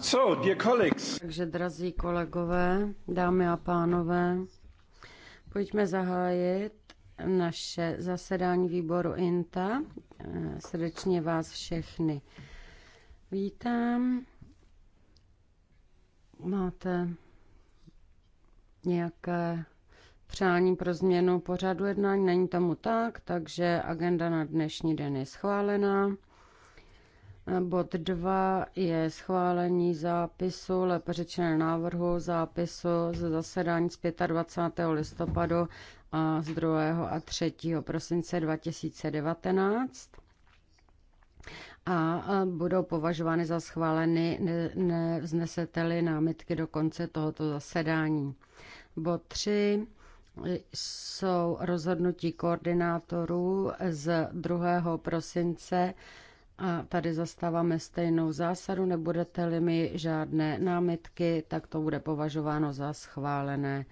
So, dear colleagues. Takže, drazí kolegové, dámy a pánové, pojďme zahájit naše zasedání výboru INTA. Srdečně vás všechny vítám. Máte nějaké přání pro změnu pořadu jednání? Není tomu tak, takže agenda na dnešní den je schválená. Bod 2 je schválení zápisu, lépe řečeno návrhu zápisu ze zasedání z 25. listopadu a z 2. a 3. prosince 2019 a budou považovány za schváleny, ne, nevzneseteli námitky do konce tohoto zasedání. Bod 3 jsou rozhodnutí koordinátorů z 2. prosince a tady zastáváme stejnou zásadu, nebudete-li mi žádné námitky, tak to bude považováno za schválené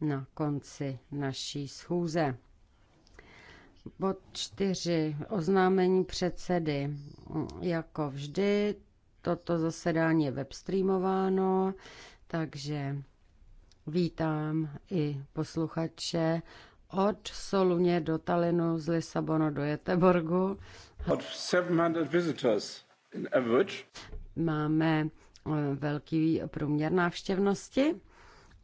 na konci naší schůze. Bod čtyři. Oznámení předsedy. Jako vždy, toto zasedání je webstreamováno, takže vítám i posluchače od Soluně do Talinu, z Lisabonu do Jeteborgu od 700 visitors in average. Máme eh, velký průměr návštěvnosti.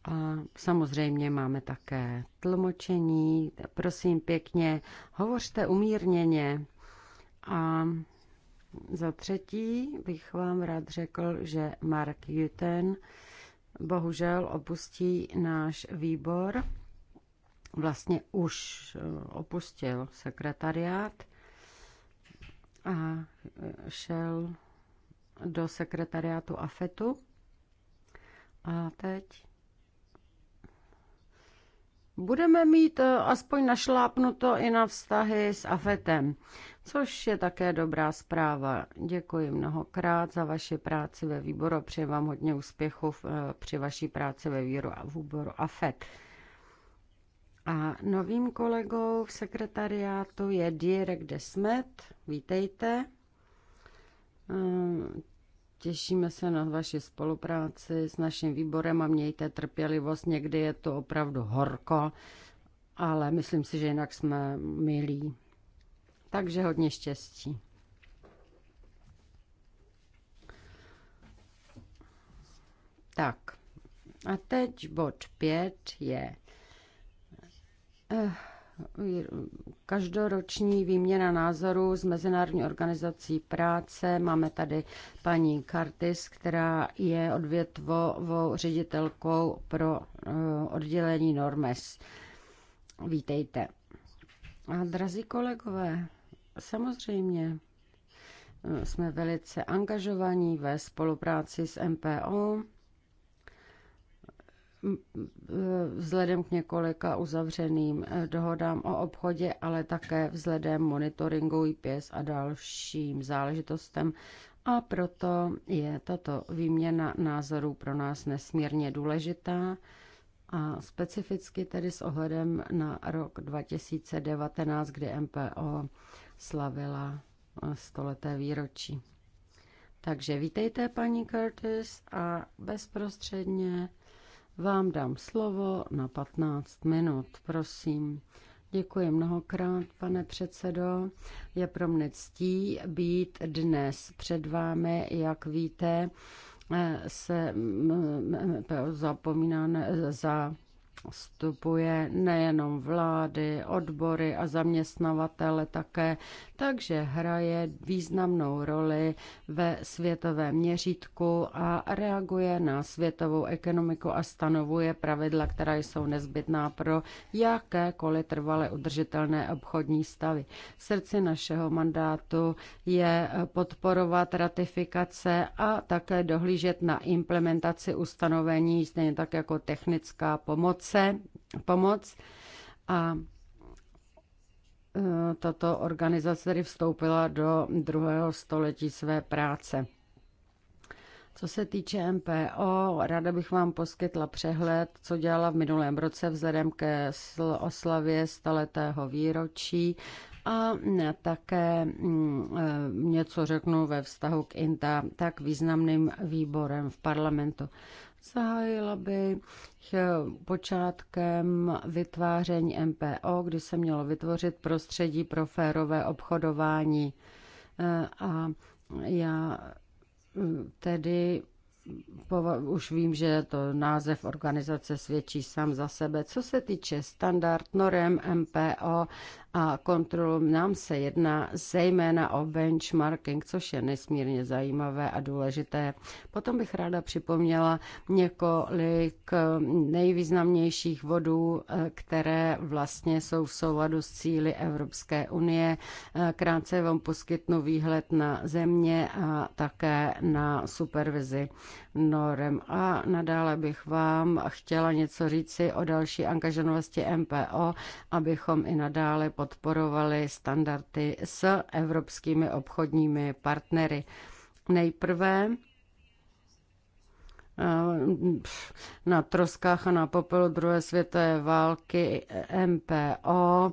A samozřejmě máme také tlmočení. Prosím pěkně, hovořte umírněně. A za třetí bych vám rád řekl, že Mark Juten bohužel opustí náš výbor. Vlastně už eh, opustil sekretariát a šel do sekretariátu AFETu. A teď budeme mít eh, aspoň našlápnuto i na vztahy s AFETem, což je také dobrá zpráva. Děkuji mnohokrát za vaši práci ve výboru, přeji vám hodně úspěchu eh, při vaší práci ve výboru a výboru AFET. A novým kolegou v sekretariátu je Direk Desmet. Vítejte. Eh, těšíme se na vaši spolupráci s naším výborem a mějte trpělivost. Někdy je to opravdu horko, ale myslím si, že jinak jsme milí. Takže hodně štěstí. Tak. A teď bod 5 je Eh, každoroční výměna názorů z Mezinárodní organizací práce. Máme tady paní Kartis, která je odvětvovou ředitelkou pro eh, oddělení Normes. Vítejte. A drazí kolegové, samozřejmě eh, jsme velice angažovaní ve spolupráci s MPO vzhledem k několika uzavřeným eh, dohodám o obchodě, ale také vzhledem monitoringu IPS a dalším záležitostem. A proto je tato výměna názorů pro nás nesmírně důležitá a specificky tedy s ohledem na rok 2019, kdy MPO slavila eh, stoleté výročí. Takže vítejte, paní Curtis, a bezprostředně vám dám slovo na 15 minut, prosím. Děkuji mnohokrát, pane předsedo. Je pro mne ctí být dnes před vámi, jak víte, eh, se zapomíná eh, za vstupuje nejenom vlády, odbory a zaměstnavatele také, takže hraje významnou roli ve světovém měřítku a reaguje na světovou ekonomiku a stanovuje pravidla, která jsou nezbytná pro jakékoliv trvale udržitelné obchodní stavy. V srdci našeho mandátu je podporovat ratifikace a také dohlížet na implementaci ustanovení, stejně tak jako technická pomoc velice pomoc a e, tato organizace tedy vstoupila do druhého století své práce. Co se týče MPO, ráda bych vám poskytla přehled, co dělala v minulém roce vzhledem ke oslavě staletého výročí a také mm, e, něco řeknu ve vztahu k INTA, tak významným výborem v parlamentu. Zahájila bych eh, počátkem vytváření MPO, kdy se mělo vytvořit prostředí pro férové obchodování. Eh, a já eh, tedy už vím, že to název organizace svědčí sám za sebe. Co se týče standard norem MPO a kontrolu. Nám se jedná zejména o benchmarking, což je nesmírně zajímavé a důležité. Potom bych ráda připomněla několik nejvýznamnějších vodů, které vlastně jsou v souladu s cíly Evropské unie. Krátce vám poskytnu výhled na země a také na supervizi norem. A nadále bych vám chtěla něco říci o další angažovanosti MPO, abychom i nadále podporovali standardy s evropskými obchodními partnery. Nejprve eh, na troskách a na popelu druhé světové války MPO eh,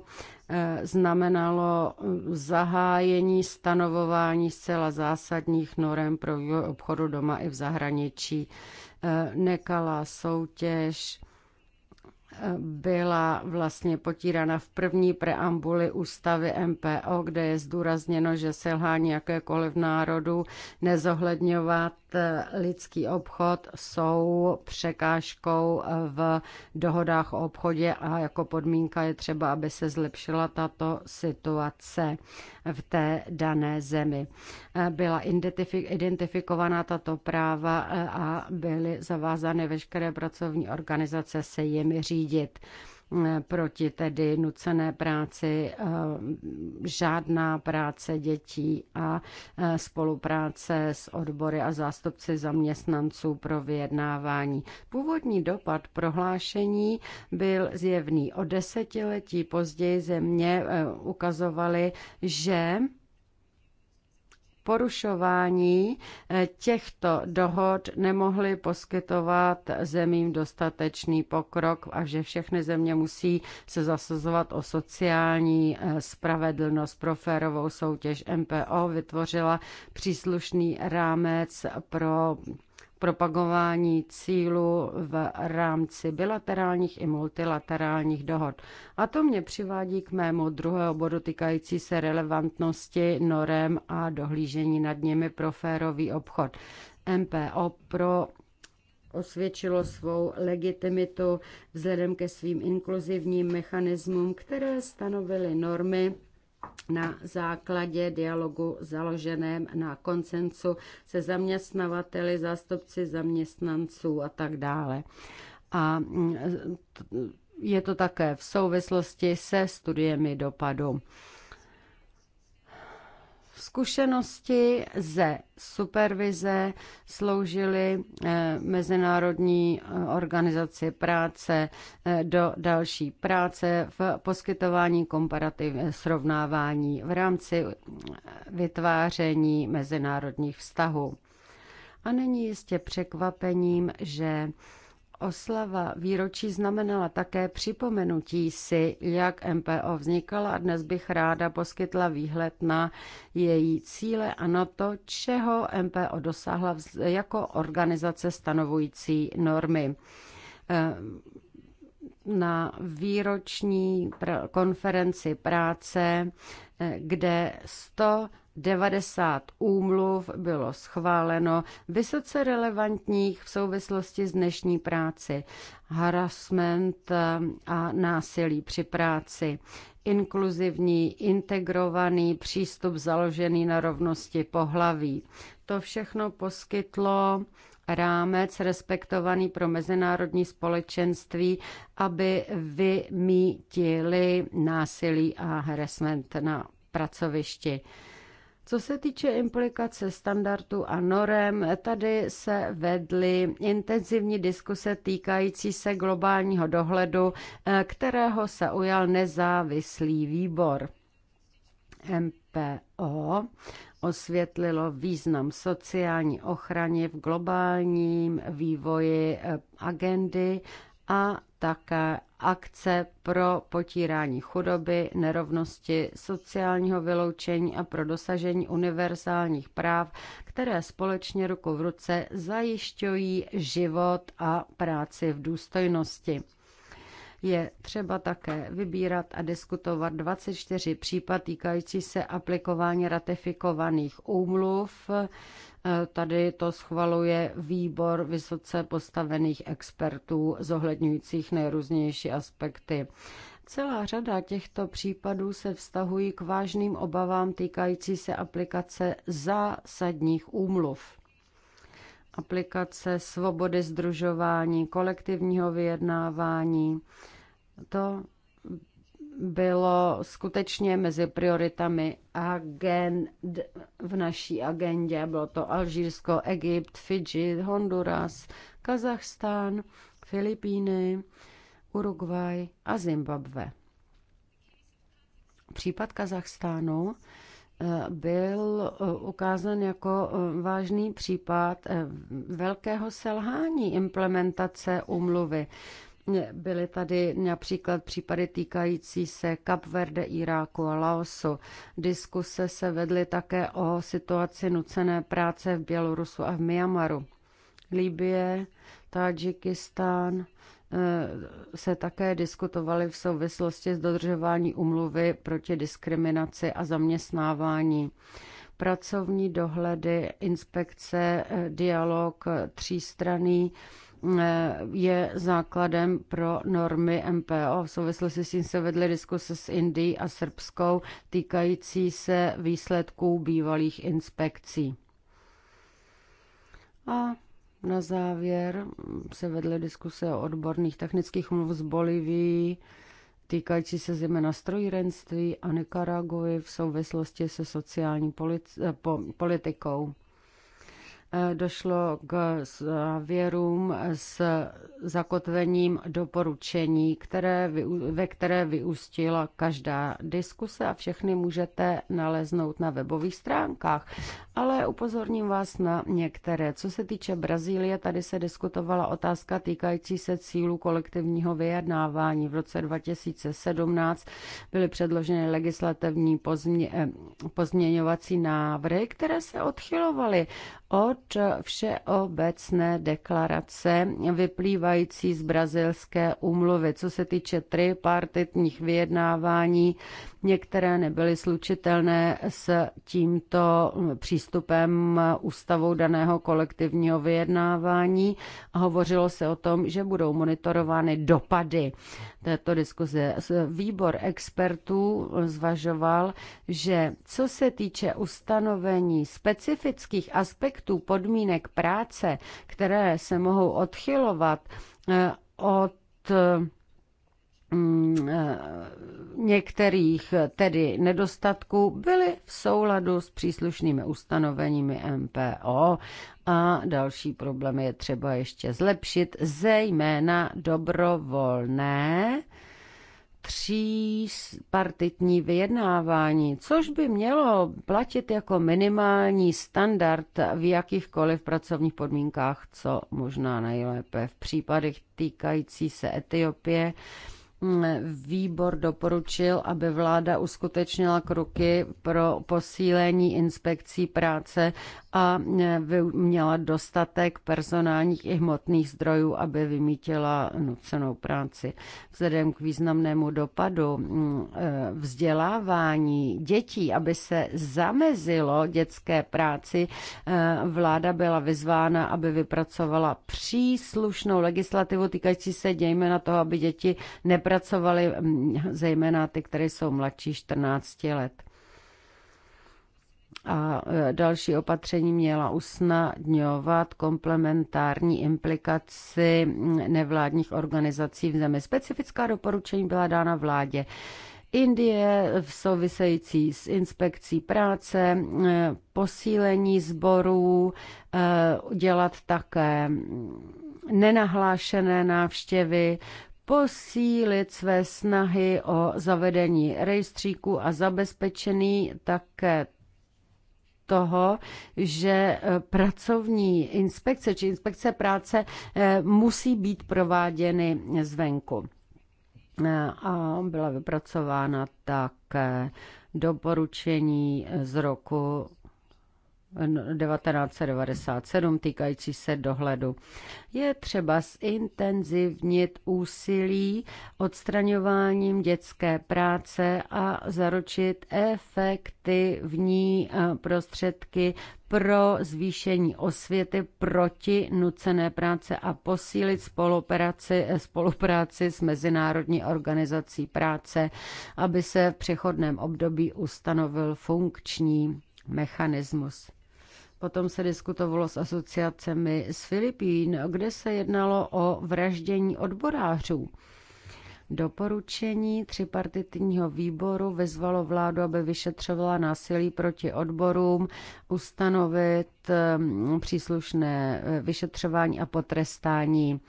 znamenalo zahájení stanovování zcela zásadních norem pro obchodu doma i v zahraničí. Eh, nekalá soutěž, byla vlastně potírána v první preambuli ústavy MPO, kde je zdůrazněno, že selhání jakékoliv národu nezohledňovat lidský obchod jsou překážkou v dohodách o obchodě a jako podmínka je třeba, aby se zlepšila tato situace v té dané zemi. Byla identifikovaná tato práva a byly zavázány veškeré pracovní organizace se jimi řídit proti tedy nucené práci, eh, žádná práce dětí a eh, spolupráce s odbory a zástupci zaměstnanců pro vyjednávání. Původní dopad prohlášení byl zjevný. O desetiletí později země eh, ukazovaly, že porušování eh, těchto dohod nemohly poskytovat zemím dostatečný pokrok a že všechny země musí se zasazovat o sociální eh, spravedlnost pro férovou soutěž. MPO vytvořila příslušný rámec pro propagování cílu v rámci bilaterálních i multilaterálních dohod. A to mě přivádí k mému druhého bodu týkající se relevantnosti norem a dohlížení nad nimi pro férový obchod. MPO pro osvědčilo svou legitimitu vzhledem ke svým inkluzivním mechanismům, které stanovily normy na základě dialogu založeném na koncensu se zaměstnavateli, zástupci zaměstnanců a tak dále. A mm, je to také v souvislosti se studiemi dopadu. Zkušenosti ze supervize sloužily eh, Mezinárodní eh, organizaci práce eh, do další práce v poskytování komparativ srovnávání v rámci vytváření mezinárodních vztahů. A není jistě překvapením, že Oslava výročí znamenala také připomenutí si, jak MPO vznikala a dnes bych ráda poskytla výhled na její cíle a na to, čeho MPO dosáhla jako organizace stanovující normy. Eh, na výroční konferenci práce, eh, kde 100 90 úmluv bylo schváleno, vysoce relevantních v souvislosti s dnešní práci, harassment eh, a násilí při práci, inkluzivní, integrovaný přístup založený na rovnosti pohlaví. To všechno poskytlo rámec respektovaný pro mezinárodní společenství, aby vymítili násilí a harassment na pracovišti. Co se týče implikace standardů a norem, tady se vedly intenzivní diskuse týkající se globálního dohledu, eh, kterého se ujal nezávislý výbor. MPO osvětlilo význam sociální ochrany v globálním vývoji eh, agendy a také akce pro potírání chudoby, nerovnosti, sociálního vyloučení a pro dosažení univerzálních práv, které společně ruku v ruce zajišťují život a práci v důstojnosti. Je třeba také vybírat a diskutovat 24 případ týkající se aplikování ratifikovaných úmluv Eh, tady to schvaluje výbor vysoce postavených expertů, zohledňujících nejrůznější aspekty. Celá řada těchto případů se vztahují k vážným obavám týkající se aplikace zásadních úmluv. Aplikace svobody združování, kolektivního vyjednávání, to bylo skutečně mezi prioritami agend v naší agendě. Bylo to Alžírsko, Egypt, Fidži, Honduras, Kazachstán, Filipíny, Uruguay a Zimbabwe. Případ Kazachstánu eh, byl eh, ukázán jako eh, vážný případ velkého selhání implementace úmluvy. Byly tady například případy týkající se Kapverde, Iráku a Laosu. Diskuse se vedly také o situaci nucené práce v Bělorusu a v Myanmaru. Libie, Tadžikistán eh, se také diskutovaly v souvislosti s dodržování umluvy proti diskriminaci a zaměstnávání pracovní dohledy, inspekce, eh, dialog eh, třístraný je základem pro normy MPO. V souvislosti s tím se vedly diskuse s Indií a Srbskou týkající se výsledků bývalých inspekcí. A na závěr se vedly diskuse o odborných technických mluv z Bolivii, týkající se zejména strojírenství a Nikaraguji v souvislosti se sociální politi- eh, politikou. Eh, došlo k závěrům s zakotvením doporučení, které, ve které vyústila každá diskuse a všechny můžete naleznout na webových stránkách. Ale upozorním vás na některé. Co se týče Brazílie, tady se diskutovala otázka týkající se cílu kolektivního vyjednávání. V roce 2017 byly předloženy legislativní pozmě, eh, pozměňovací návrhy, které se odchylovaly od od všeobecné deklarace vyplývající z brazilské úmluvy. Co se týče tripartitních vyjednávání, některé nebyly slučitelné s tímto přístupem ústavou daného kolektivního vyjednávání. Hovořilo se o tom, že budou monitorovány dopady této diskuze. Výbor expertů zvažoval, že co se týče ustanovení specifických aspektů podmínek práce, které se mohou odchylovat eh, od eh, Mm, eh, některých eh, tedy nedostatků byly v souladu s příslušnými ustanoveními MPO a další problémy je třeba ještě zlepšit, zejména dobrovolné tří partitní vyjednávání, což by mělo platit jako minimální standard v jakýchkoliv pracovních podmínkách, co možná nejlépe v případech týkající se Etiopie. Výbor doporučil, aby vláda uskutečnila kroky pro posílení inspekcí práce a e, měla dostatek personálních i hmotných zdrojů, aby vymítila nucenou práci. Vzhledem k významnému dopadu e, vzdělávání dětí, aby se zamezilo dětské práci, e, vláda byla vyzvána, aby vypracovala příslušnou legislativu týkající se dějme na to, aby děti nepracovaly pracovali, mm, zejména ty, které jsou mladší 14 let. A e, další opatření měla usnadňovat komplementární implikaci mm, nevládních organizací v zemi. Specifická doporučení byla dána vládě. Indie v související s inspekcí práce, mm, posílení sborů, e, dělat také nenahlášené návštěvy, posílit své snahy o zavedení rejstříku a zabezpečený také toho, že eh, pracovní inspekce či inspekce práce eh, musí být prováděny zvenku. Eh, a byla vypracována tak doporučení z roku 1997 týkající se dohledu. Je třeba zintenzivnit úsilí odstraňováním dětské práce a zaručit efektivní eh, prostředky pro zvýšení osvěty proti nucené práce a posílit spolupráci, eh, spolupráci s Mezinárodní organizací práce, aby se v přechodném období ustanovil funkční mechanismus. Potom se diskutovalo s asociacemi z Filipín, kde se jednalo o vraždění odborářů. Doporučení tripartitního výboru vyzvalo vládu, aby vyšetřovala násilí proti odborům, ustanovit um, příslušné eh, vyšetřování a potrestání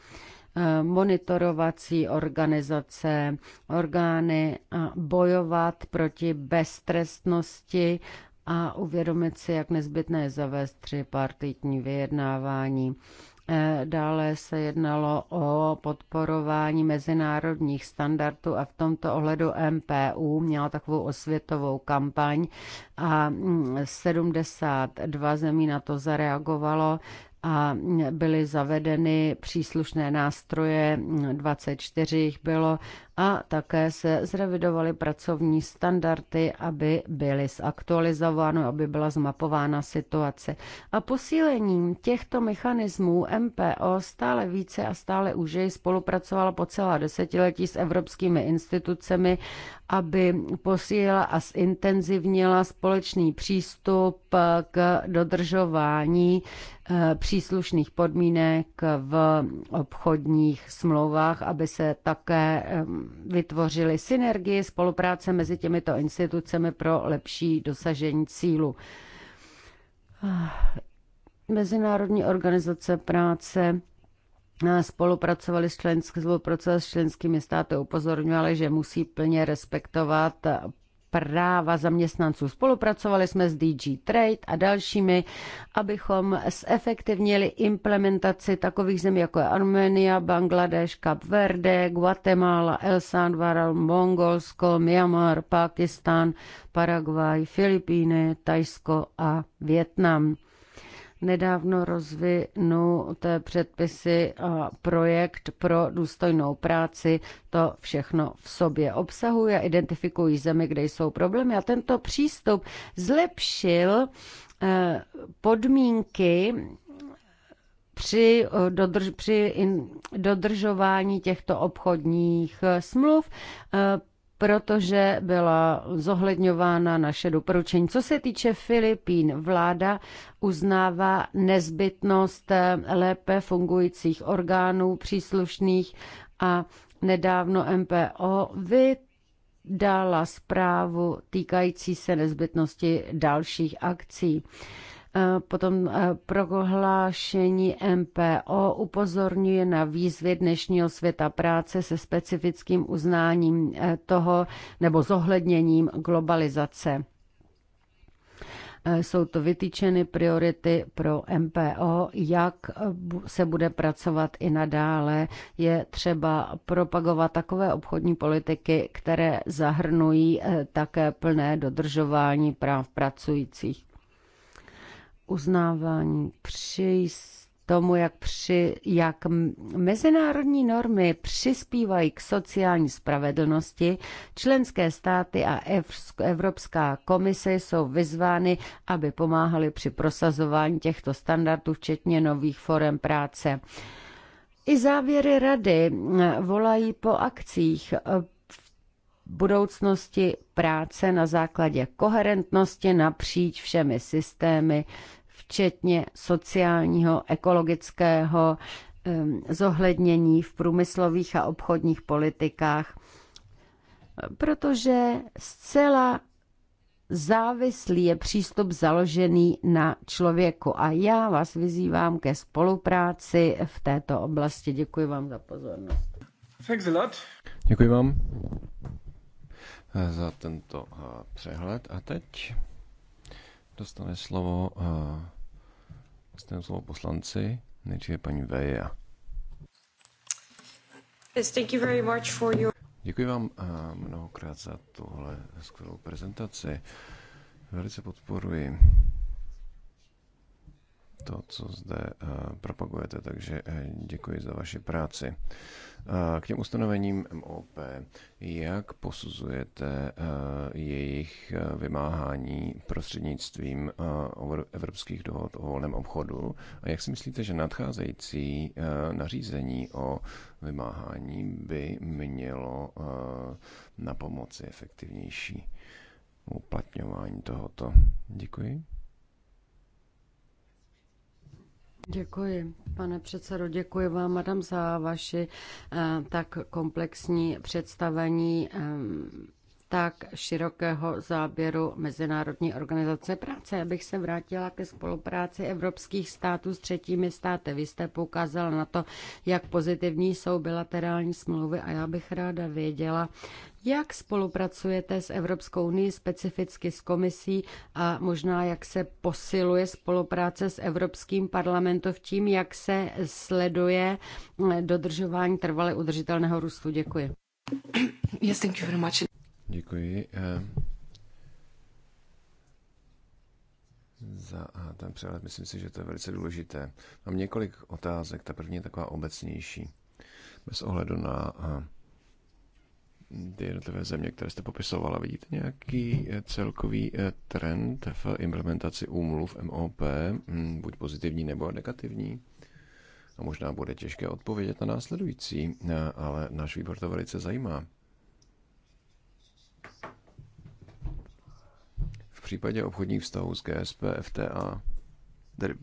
eh, monitorovací organizace, orgány a bojovat proti beztrestnosti a uvědomit si, jak nezbytné je zavést tři partitní vyjednávání. Eh, dále se jednalo o podporování mezinárodních standardů a v tomto ohledu MPU měla takovou osvětovou kampaň a 72 mm, zemí na to zareagovalo a mm, byly zavedeny příslušné nástroje, 24 mm, jich bylo a také se zrevidovaly pracovní standardy, aby byly zaktualizovány, aby byla zmapována situace. A posílením těchto mechanismů MPO stále více a stále už spolupracovala po celá desetiletí s evropskými institucemi, aby posílila a zintenzivnila společný přístup k dodržování eh, příslušných podmínek v obchodních smlouvách, aby se také vytvořili synergii spolupráce mezi těmito institucemi pro lepší dosažení cílu. Mezinárodní organizace práce spolupracovali s, člensk, spolupracovali s členskými státy, upozorňovali, že musí plně respektovat práva zaměstnanců. Spolupracovali jsme s DG Trade a dalšími, abychom zefektivnili implementaci takových zemí, jako je Armenia, Bangladeš, Kap Verde, Guatemala, El Salvador, Mongolsko, Myanmar, Pakistan, Paraguay, Filipíny, Tajsko a Větnam nedávno rozvinuté předpisy a projekt pro důstojnou práci to všechno v sobě obsahuje identifikují zemi, kde jsou problémy. A tento přístup zlepšil eh, podmínky při, dodrž, při in, dodržování těchto obchodních eh, smluv eh, protože byla zohledňována naše doporučení. Co se týče Filipín, vláda uznává nezbytnost eh, lépe fungujících orgánů příslušných a nedávno MPO vydala zprávu týkající se nezbytnosti dalších akcí. Eh, potom eh, prohlášení MPO upozorňuje na výzvy dnešního světa práce se specifickým uznáním eh, toho nebo zohledněním globalizace. Jsou to vytýčeny priority pro MPO, jak se bude pracovat i nadále. Je třeba propagovat takové obchodní politiky, které zahrnují také plné dodržování práv pracujících uznávání při tomu, jak, při, jak mezinárodní normy přispívají k sociální spravedlnosti, členské státy a Evropská komise jsou vyzvány, aby pomáhali při prosazování těchto standardů, včetně nových forem práce. I závěry rady volají po akcích e, v budoucnosti práce na základě koherentnosti napříč všemi systémy včetně sociálního, ekologického zohlednění v průmyslových a obchodních politikách, protože zcela závislý je přístup založený na člověku. A já vás vyzývám ke spolupráci v této oblasti. Děkuji vám za pozornost. Thanks a lot. Děkuji vám eh, za tento eh, přehled. A teď dostane slovo eh, Dostanou slovo poslanci, nejdříve paní Veja. Děkuji vám eh, mnohokrát za tohle skvělou prezentaci. Velice podporuji to, co zde eh, propagujete, takže eh, děkuji za vaši práci. Eh, k těm ustanovením MOP, jak posuzujete jejich vymáhání prostřednictvím evropských dohod o volném obchodu a jak si myslíte, že nadcházející nařízení o vymáhání by mělo na pomoci efektivnější uplatňování tohoto? Děkuji. Děkuji, pane předsedo, děkuji vám, madam, za vaši eh, tak komplexní představení eh, tak širokého záběru Mezinárodní organizace práce. Abych se vrátila ke spolupráci evropských států s třetími státy. Vy jste poukázala na to, jak pozitivní jsou bilaterální smlouvy a já bych ráda věděla, jak spolupracujete s Evropskou unii, specificky s komisí a možná jak se posiluje spolupráce s Evropským parlamentem v tím, jak se sleduje dodržování trvale udržitelného růstu? Děkuji. Yes, thank you very much. Děkuji eh, za ten přehled. Myslím si, že to je velice důležité. Mám několik otázek. Ta první je taková obecnější. Bez ohledu na ty jednotlivé země, které jste popisovala, vidíte nějaký eh, celkový eh, trend v implementaci úmluv MOP, hm, buď pozitivní nebo negativní? A možná bude těžké odpovědět na následující, ale náš výbor to velice zajímá. případě obchodních vztahů s GSP, FTA, tedy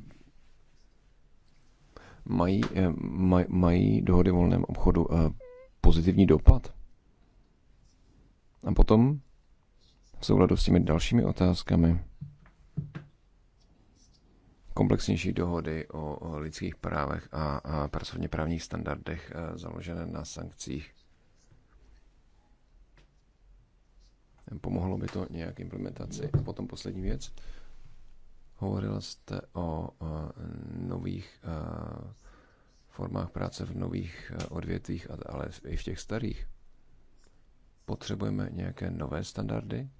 mají, eh, maj, mají dohody o volném obchodu eh, pozitivní dopad? A potom v souladu s těmi dalšími otázkami komplexnější dohody o lidských právech a pracovně právních standardech eh, založené na sankcích Pomohlo by to nějak implementaci. A potom poslední věc. Hovorila jste o nových formách práce v nových odvětvích, ale i v těch starých. Potřebujeme nějaké nové standardy?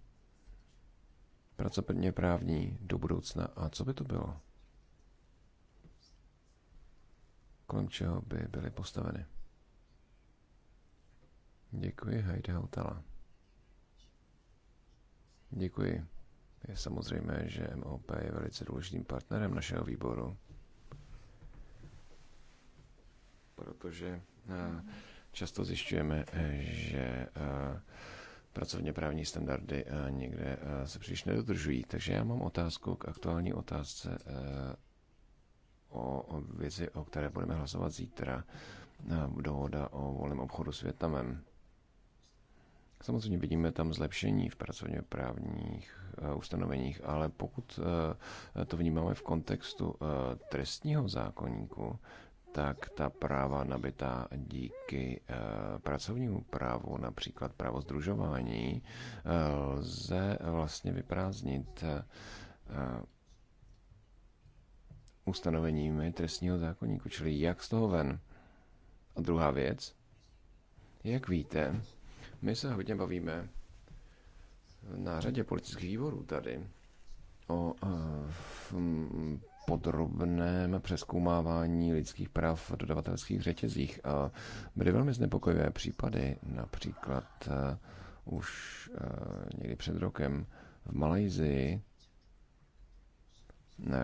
Pracovně právní do budoucna. A co by to bylo? Kolem čeho by byly postaveny? Děkuji, Heidi Hautala. Děkuji. Je samozřejmé, že MOP je velice důležitým partnerem našeho výboru, protože eh, často zjišťujeme, že eh, pracovně právní standardy eh, někde se příliš nedodržují. Takže já mám otázku k aktuální otázce o věci, o které budeme hlasovat zítra. Dohoda o volném obchodu s Větnamem. Samozřejmě vidíme tam zlepšení v pracovně právních eh, ustanoveních, ale pokud eh, to vnímáme v kontextu eh, trestního zákonníku, tak ta práva nabitá díky pracovnímu právu, například právo združování, lze vlastně vyprázdnit ustanoveními trestního zákonníku, čili jak z toho ven. A druhá věc, jak víte, my se hodně bavíme na řadě politických výborů tady o eh, podrobném přeskoumávání lidských práv v dodavatelských řetězích. A byly velmi znepokojivé případy, například eh, už eh, někdy před rokem v Malajzii,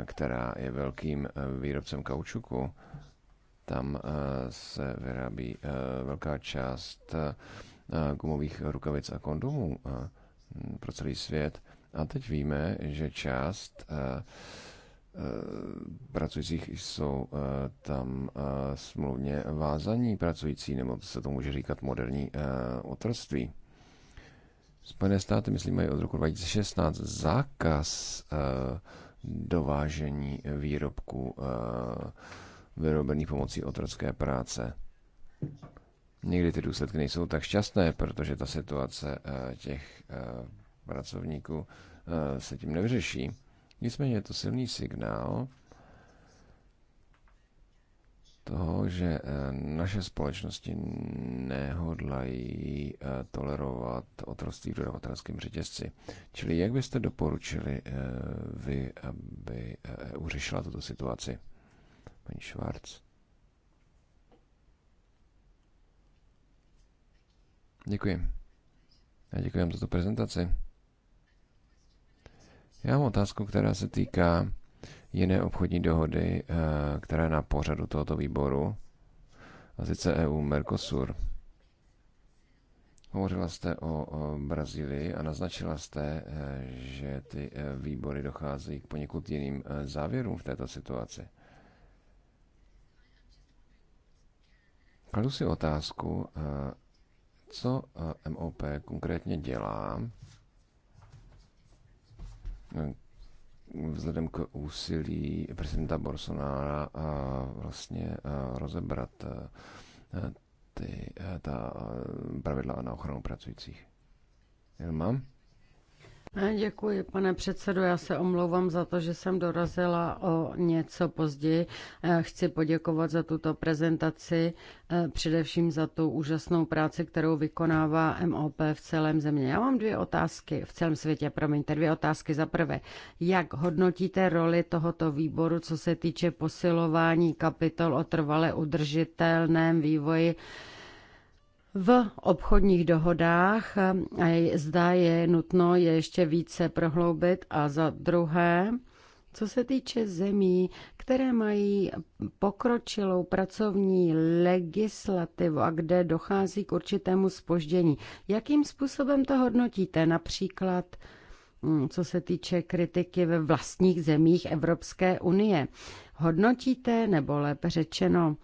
která je velkým výrobcem kaučuku, tam se vyrábí velká část gumových rukavic a kondomů pro celý svět. A teď víme, že část pracujících jsou tam smluvně vázaní pracující, nebo se to může říkat moderní otrství. Spojené státy, myslím, mají od roku 2016 zákaz dovážení výrobků vyrobených pomocí otrocké práce. Někdy ty důsledky nejsou tak šťastné, protože ta situace eh, těch eh, pracovníků eh, se tím nevyřeší. Nicméně je to silný signál toho, že naše společnosti nehodlají tolerovat otroství v dodavatelském řetězci. Čili jak byste doporučili vy, aby uřešila tuto situaci? Pani Schwarz. Děkuji. Já děkuji vám za tu prezentaci. Já mám otázku, která se týká jiné obchodní dohody, eh, která je na pořadu tohoto výboru, a sice EU Mercosur. Hovořila jste o, o Brazílii a naznačila jste, eh, že ty eh, výbory dochází k poněkud jiným závěrům v této situaci. Kladu si otázku, co eh, MOP konkrétně dělá eh, vzhledem k úsilí prezidenta Bolsonára a eh, vlastně rozebrat ty, ta pravidla na ochranu pracujících? Mám? Děkuji, pane předsedo. Já se omlouvám za to, že jsem dorazila o něco později. Eh, chci poděkovat za tuto prezentaci, eh, především za tu úžasnou práci, kterou vykonává MOP v celém země. Já mám dvě otázky v celém světě, promiňte, dvě otázky. Za prvé, jak hodnotíte roli tohoto výboru, co se týče posilování kapitol o trvale udržitelném vývoji? v obchodních dohodách zda je nutno je ještě více prohloubit a za druhé, co se týče zemí, které mají pokročilou pracovní legislativu a kde dochází k určitému spoždění, jakým způsobem to hodnotíte? Například mm, co se týče kritiky ve vlastních zemích Evropské unie. Hodnotíte, nebo lépe řečeno,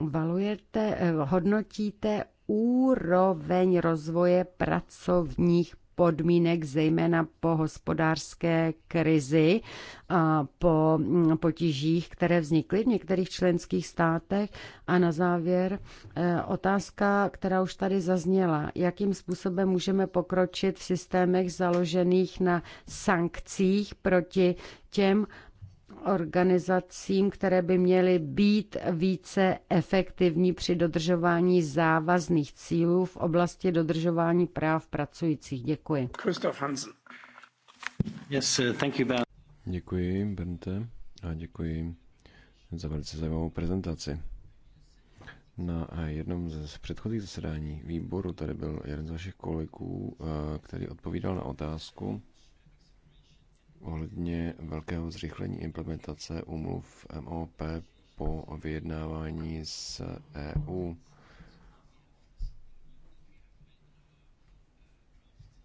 valujete, eh, hodnotíte úroveň rozvoje pracovních podmínek, zejména po hospodářské krizi a po mm, potížích, které vznikly v některých členských státech. A na závěr eh, otázka, která už tady zazněla. Jakým způsobem můžeme pokročit v systémech založených na sankcích proti těm organizacím, které by měly být více efektivní při dodržování závazných cílů v oblasti dodržování práv pracujících. Děkuji. Christoph Hansen. Yes, thank you, ben. Děkuji, Bente, a děkuji za velice zajímavou prezentaci. Na jednom ze předchozích zasedání výboru tady byl jeden z vašich kolegů, eh, který odpovídal na otázku, ohledně velkého zrychlení implementace umluv MOP po vyjednávání s EU.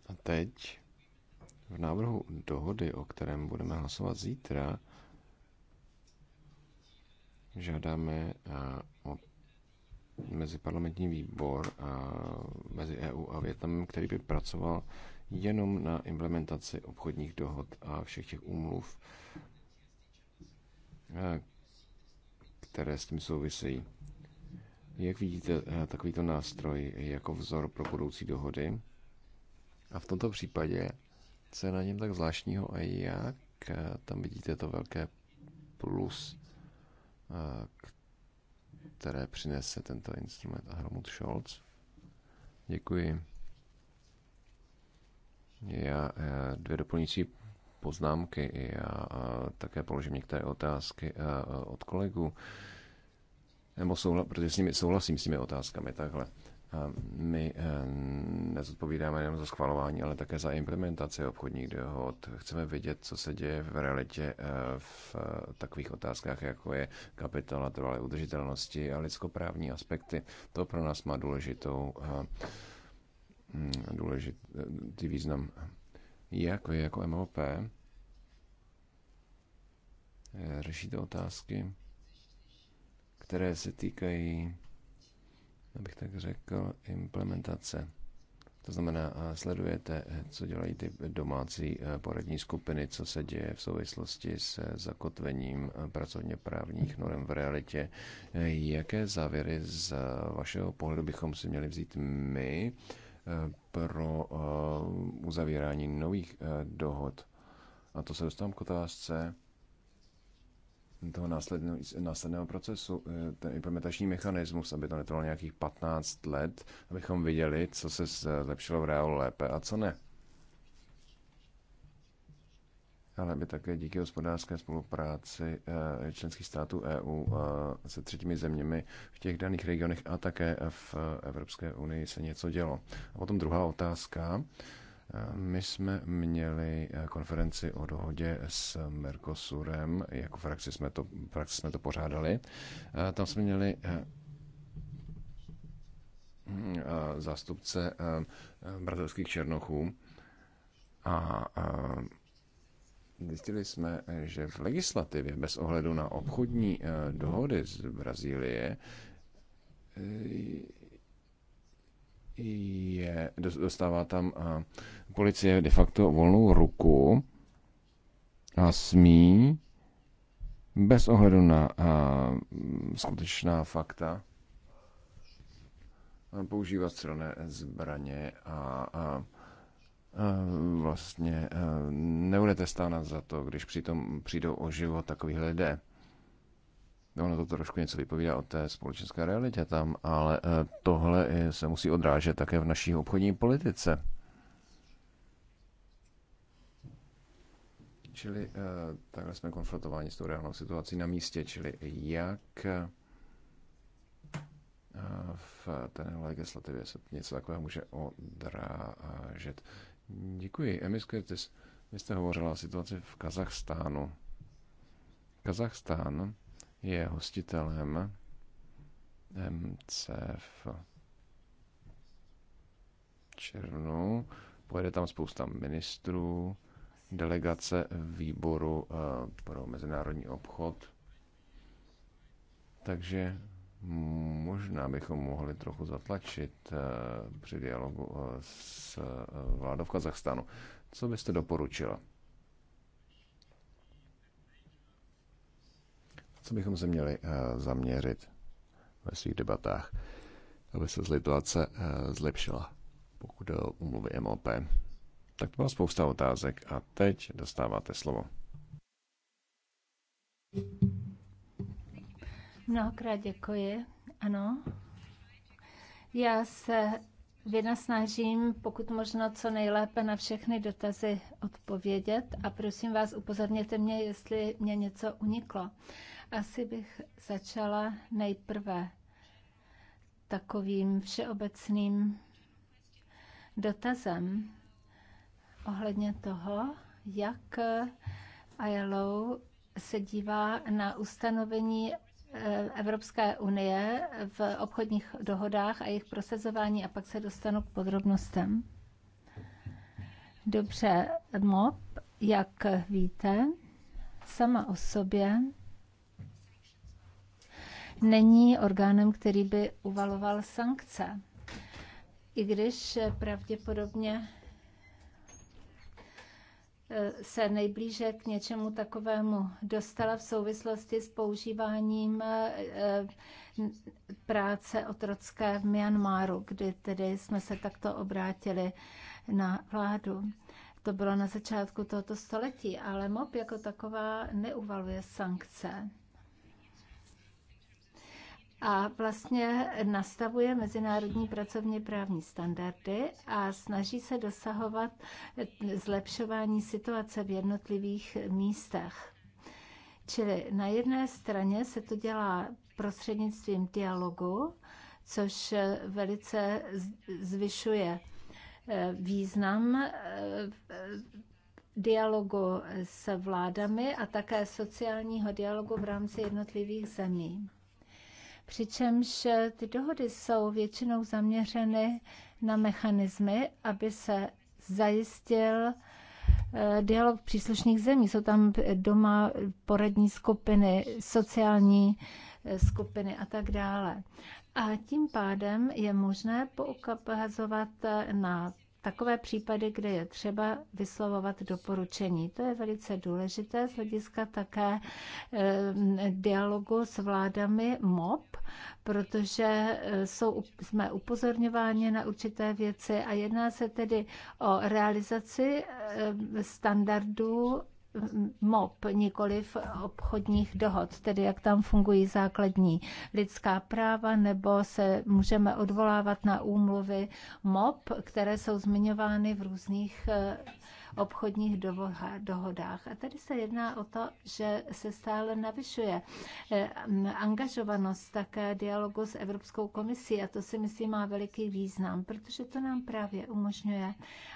A teď v návrhu dohody, o kterém budeme hlasovat zítra, žádáme o meziparlamentní výbor a mezi EU a Větnamem, který by pracoval jenom na implementaci obchodních dohod a všech těch úmluv, eh, které s tím souvisejí. Jak vidíte eh, takovýto nástroj jako vzor pro budoucí dohody? A v tomto případě, co je na něm tak zvláštního a jak, eh, tam vidíte to velké plus, které přinese tento instrument Helmut Scholz. Děkuji. Já eh, dvě doplňující poznámky. Já eh, také položím některé otázky eh, od kolegů. Nebo souhla, protože s nimi souhlasím s těmi otázkami takhle. My nezodpovídáme jenom za schvalování, ale také za implementaci obchodních dohod. Chceme vidět, co se děje v realitě v takových otázkách, jako je kapitola trvalé udržitelnosti a lidskoprávní aspekty. To pro nás má důležitou Hmm, důležitý význam. jak je jako MOP eh, řešíte otázky, které se týkají, abych tak řekl, implementace. To znamená, sledujete, eh, co dělají ty domácí eh, poradní skupiny, co se děje v souvislosti s zakotvením pracovně právních norm v realitě. Jaké závěry z vašeho pohledu bychom si měli vzít my? pro eh, uzavírání nových eh, dohod. A to se dostávám k otázce toho následného, procesu, eh, ten implementační mechanismus, aby to netrvalo nějakých 15 let, abychom viděli, co se zlepšilo v reálu lépe a co ne ale by také díky hospodářské spolupráci eh, členských států EU eh, se třetími zeměmi v těch daných regionech a také v eh, Evropské unii se něco dělo. A potom druhá otázka. My jsme měli konferenci o dohodě s Mercosurem, jako frakci jsme to, frakci jsme to pořádali. Tam jsme měli zástupce brazilských černochů a Zjistili jsme, že v legislativě bez ohledu na obchodní eh, dohody z Brazílie eh, je, dostává tam eh, policie de facto volnou ruku a smí bez ohledu na skutečná fakta používat silné zbraně a, a Eh, vlastně eh, nebudete stánat za to, když přitom přijdou o život takových lidé. Ono to trošku něco vypovídá o té společenské realitě tam, ale eh, tohle se musí odrážet také v naší obchodní politice. Čili takhle jsme konfrontováni s tou reálnou situací na místě, čili jak v té legislativě se něco takového může odrážet. Děkuji. Emis Kertis, vy jste hovořila o situaci v Kazachstánu. Kazachstán je hostitelem MCF červnu. Pojede tam spousta ministrů, delegace výboru eh, pro mezinárodní obchod. Takže Možná bychom mohli trochu zatlačit eh, při dialogu eh, s eh, vládou v Kazachstánu. Co byste doporučila? Co bychom se měli zaměřit ve svých debatách, aby se situace zlepšila, pokud jde o umluvy MOP? Tak to byla spousta otázek a teď dostáváte slovo. Thank you. Mnohokrát děkuji. Ano. Já se věna snažím, pokud možno co nejlépe na všechny dotazy odpovědět a prosím vás, upozorněte mě, jestli mě něco uniklo. Asi bych začala nejprve takovým všeobecným dotazem ohledně toho, jak ILO se dívá na ustanovení Eh, Evropské unie v obchodních dohodách a jejich prosazování a pak se dostanu k podrobnostem. Dobře, MOP, jak víte, sama o sobě není orgánem, který by uvaloval sankce. I když pravděpodobně se nejblíže k něčemu takovému dostala v souvislosti s používáním eh, práce otrocké v Myanmaru, kdy tedy jsme se takto obrátili na vládu. To bylo na začátku tohoto století, ale MoP jako taková neuvaluje sankce a vlastně nastavuje mezinárodní pracovně právní standardy a snaží se dosahovat zlepšování situace v jednotlivých místech. Čili na jedné straně se to dělá prostřednictvím dialogu, což velice zvyšuje eh, význam eh, dialogu s vládami a také sociálního dialogu v rámci jednotlivých zemí. Přičemž eh, ty dohody jsou většinou zaměřeny na mechanismy, aby se zajistil eh, dialog příslušných zemí. Jsou tam doma poradní skupiny, sociální eh, skupiny a tak dále. A tím pádem je možné poukazovat na takové případy, kde je třeba vyslovovat doporučení. To je velice důležité z hlediska také eh, dialogu s vládami MOP, protože eh, jsou, jsme upozorňováni na určité věci a jedná se tedy o realizaci eh, standardů MOP, nikoliv obchodních dohod, tedy jak tam fungují základní lidská práva, nebo se můžeme odvolávat na úmluvy MOP, které jsou zmiňovány v různých eh, obchodních dohodách. A tady se jedná o to, že se stále navyšuje eh, angažovanost také dialogu s Evropskou komisí a to si myslím má veliký význam, protože to nám právě umožňuje,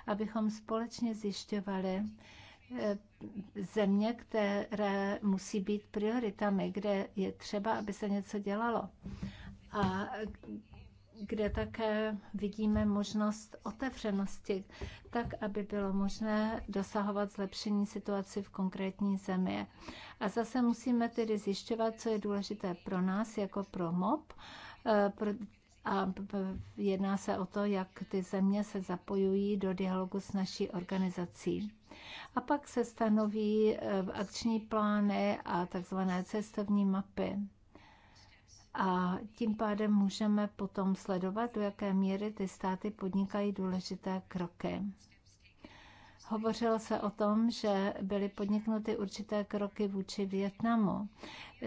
abychom společně zjišťovali, Eh, země, které musí být prioritami, kde je třeba, aby se něco dělalo. A kde také vidíme možnost otevřenosti, tak aby bylo možné dosahovat zlepšení situaci v konkrétní zemi. A zase musíme tedy zjišťovat, co je důležité pro nás jako pro MOB. Eh, a jedná se o to, jak ty země se zapojují do dialogu s naší organizací a pak se stanoví eh, akční plány a takzvané cestovní mapy. A tím pádem můžeme potom sledovat, do jaké míry ty státy podnikají důležité kroky. Hovořilo se o tom, že byly podniknuty určité kroky vůči Větnamu.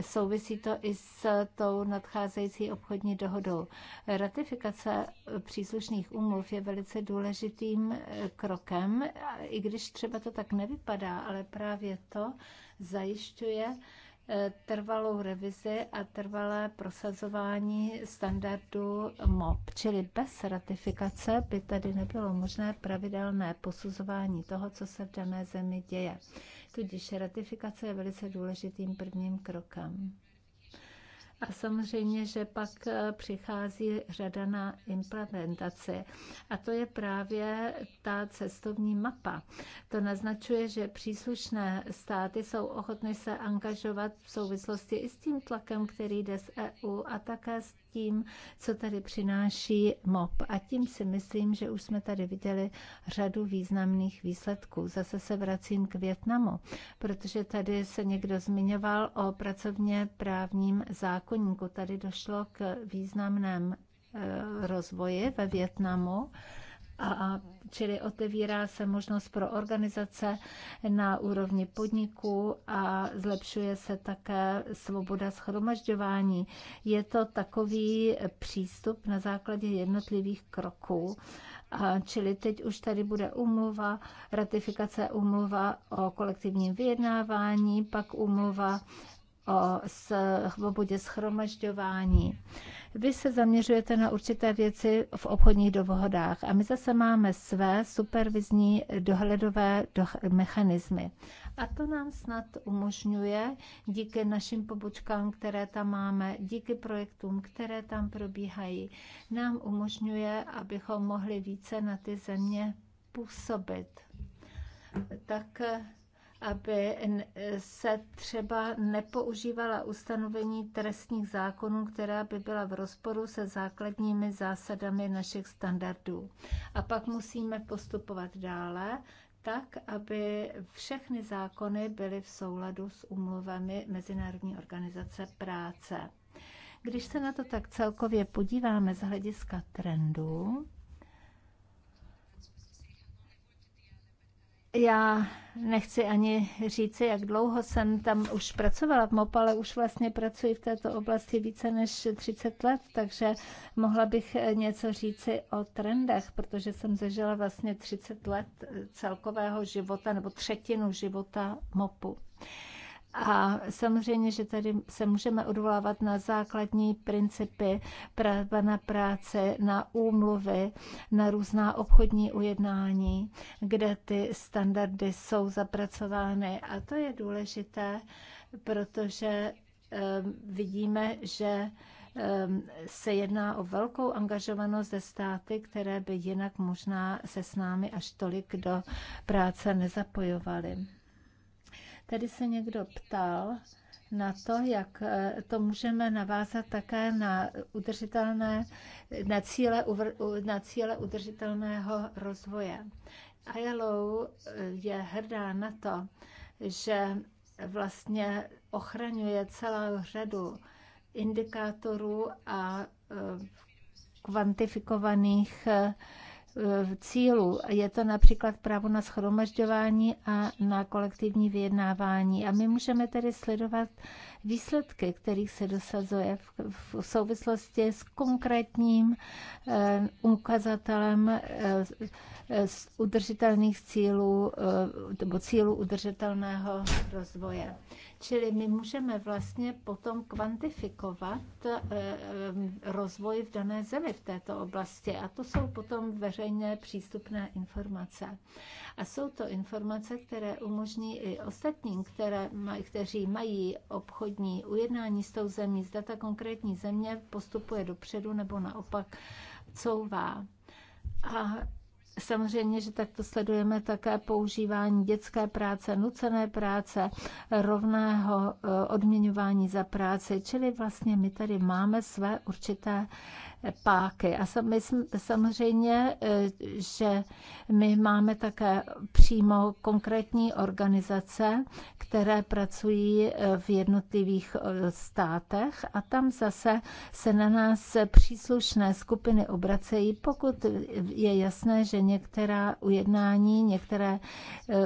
Souvisí to i s tou nadcházející obchodní dohodou. Ratifikace příslušných umluv je velice důležitým eh, krokem, i když třeba to tak nevypadá, ale právě to zajišťuje, trvalou revizi a trvalé prosazování standardu MOP. Čili bez ratifikace by tady nebylo možné pravidelné posuzování toho, co se v dané zemi děje. Tudíž ratifikace je velice důležitým prvním krokem. A samozřejmě, že pak eh, přichází řada na implementace. A to je právě ta cestovní mapa. To naznačuje, že příslušné státy jsou ochotny se angažovat v souvislosti i s tím tlakem, který jde z EU a také s tím, co tady přináší MOP. A tím si myslím, že už jsme tady viděli řadu významných výsledků. Zase se vracím k Větnamu, protože tady se někdo zmiňoval o pracovně právním zákonníku. Tady došlo k významném eh, rozvoji ve Větnamu a čili otevírá se možnost pro organizace na úrovni podniků a zlepšuje se také svoboda schromažďování. Je to takový přístup na základě jednotlivých kroků. A čili teď už tady bude umluva, ratifikace umluva o kolektivním vyjednávání, pak umluva o svobodě schromažďování. Vy se zaměřujete na určité věci v obchodních dohodách a my zase máme své supervizní dohledové doch- mechanismy. A to nám snad umožňuje díky našim pobočkám, které tam máme, díky projektům, které tam probíhají, nám umožňuje, abychom mohli více na ty země působit. Tak aby se třeba nepoužívala ustanovení trestních zákonů, která by byla v rozporu se základními zásadami našich standardů. A pak musíme postupovat dále, tak, aby všechny zákony byly v souladu s umluvami Mezinárodní organizace práce. Když se na to tak celkově podíváme z hlediska trendů, Já nechci ani říci, jak dlouho jsem tam už pracovala v MOP, ale už vlastně pracuji v této oblasti více než 30 let, takže mohla bych něco říci o trendech, protože jsem zažila vlastně 30 let celkového života nebo třetinu života MOPu. A samozřejmě, že tady se můžeme odvolávat na základní principy práva na práce, na úmluvy, na různá obchodní ujednání, kde ty standardy jsou zapracovány. A to je důležité, protože ehm, vidíme, že ehm, se jedná o velkou angažovanost ze státy, které by jinak možná se s námi až tolik do práce nezapojovaly. Tady se někdo ptal na to, jak eh, to můžeme navázat také na udržitelné, na cíle, na cíle udržitelného rozvoje. ILO je hrdá na to, že vlastně ochraňuje celou řadu indikátorů a eh, kvantifikovaných eh, cílů. Je to například právo na schromažďování a na kolektivní vyjednávání. A my můžeme tedy sledovat výsledky, kterých se dosazuje v, v souvislosti s konkrétním eh, ukazatelem eh, z udržitelných cílů eh, nebo cílů udržitelného rozvoje. Eh, Čili my můžeme vlastně potom kvantifikovat eh, eh, rozvoj v dané zemi v této oblasti a to jsou potom veřejně přístupné informace. A jsou to informace, které umožní i ostatním, které maj, kteří mají obchodní ujednání s tou zemí, zda ta konkrétní země postupuje dopředu nebo naopak couvá. A Samozřejmě, že takto sledujeme také používání dětské práce, nucené práce, rovného eh, odměňování za práci, čili vlastně my tady máme své určité páky. A samozřejmě, eh, že my máme také přímo konkrétní organizace, které pracují eh, v jednotlivých eh, státech a tam zase se na nás příslušné skupiny obracejí, pokud je jasné, že některá ujednání, některé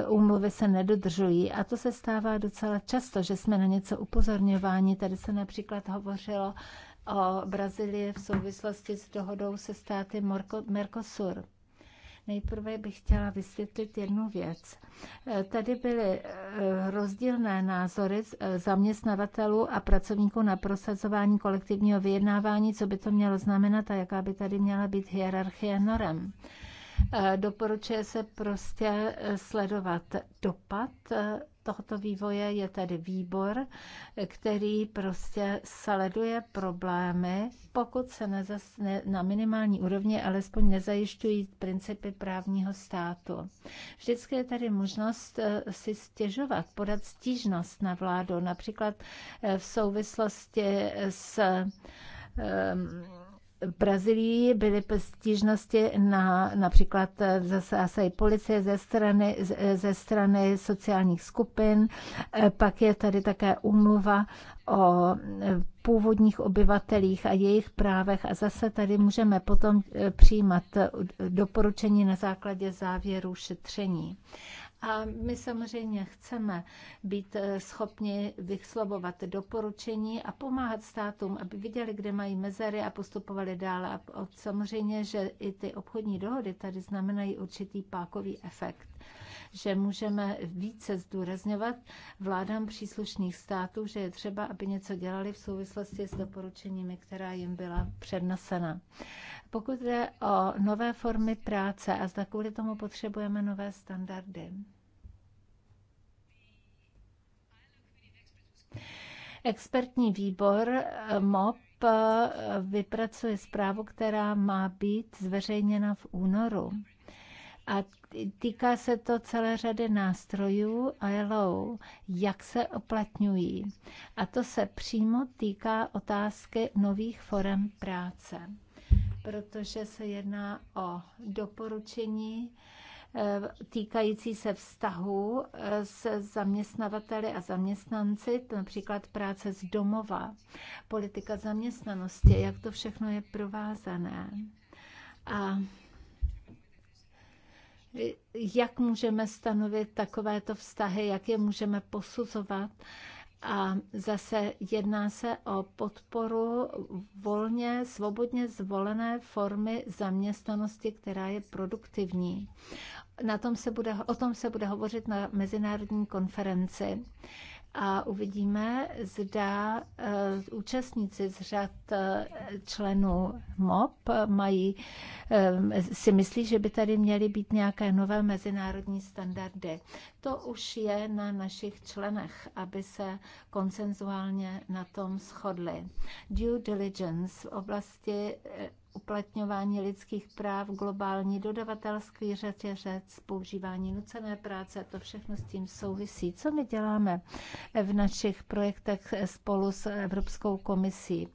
úmluvy se nedodržují. A to se stává docela často, že jsme na něco upozorňováni. Tady se například hovořilo o Brazílii v souvislosti s dohodou se státy Mercosur. Nejprve bych chtěla vysvětlit jednu věc. E, tady byly e, rozdílné názory e, zaměstnavatelů a pracovníků na prosazování kolektivního vyjednávání, co by to mělo znamenat a jaká by tady měla být hierarchie norem. Doporučuje se prostě sledovat dopad tohoto vývoje je tedy výbor, který prostě sleduje problémy, pokud se nezas, ne, na minimální úrovni alespoň nezajišťují principy právního státu. Vždycky je tady možnost eh, si stěžovat, podat stížnost na vládu, například eh, v souvislosti s um, Brazílii byly stížnosti na například eh, zase policie ze strany, eh, ze strany sociálních skupin, eh, pak je tady také umluva o původních obyvatelích a jejich právech a zase tady můžeme potom přijímat doporučení na základě závěrů šetření. A my samozřejmě chceme být eh, schopni vyslovovat doporučení a pomáhat státům, aby viděli, kde mají mezery a postupovali dále. A samozřejmě, že i ty obchodní dohody tady znamenají určitý pákový efekt že můžeme více zdůrazňovat vládám příslušných států, že je třeba, aby něco dělali v souvislosti s doporučeními, která jim byla přednesena. Pokud jde o nové formy práce a zda kvůli tomu potřebujeme nové standardy. Expertní výbor eh, MOP eh, vypracuje zprávu, která má být zveřejněna v únoru a týká se to celé řady nástrojů ILO, jak se oplatňují. A to se přímo týká otázky nových forem práce, protože se jedná o doporučení, eh, týkající se vztahu eh, s zaměstnavateli a zaměstnanci, například práce z domova, politika zaměstnanosti, jak to všechno je provázané. A jak můžeme stanovit takovéto vztahy, jak je můžeme posuzovat. A zase jedná se o podporu volně, svobodně zvolené formy zaměstnanosti, která je produktivní. Na tom se bude, o tom se bude hovořit na mezinárodní konferenci a uvidíme, zda eh, účastníci z řad eh, členů MOP mají, eh, si myslí, že by tady měly být nějaké nové mezinárodní standardy. To už je na našich členech, aby se konsenzuálně na tom shodli. Due diligence v oblasti uplatňování lidských práv, globální dodavatelský řetěřec, používání nucené práce, to všechno s tím souvisí. Co my děláme v našich projektech spolu s Evropskou komisí?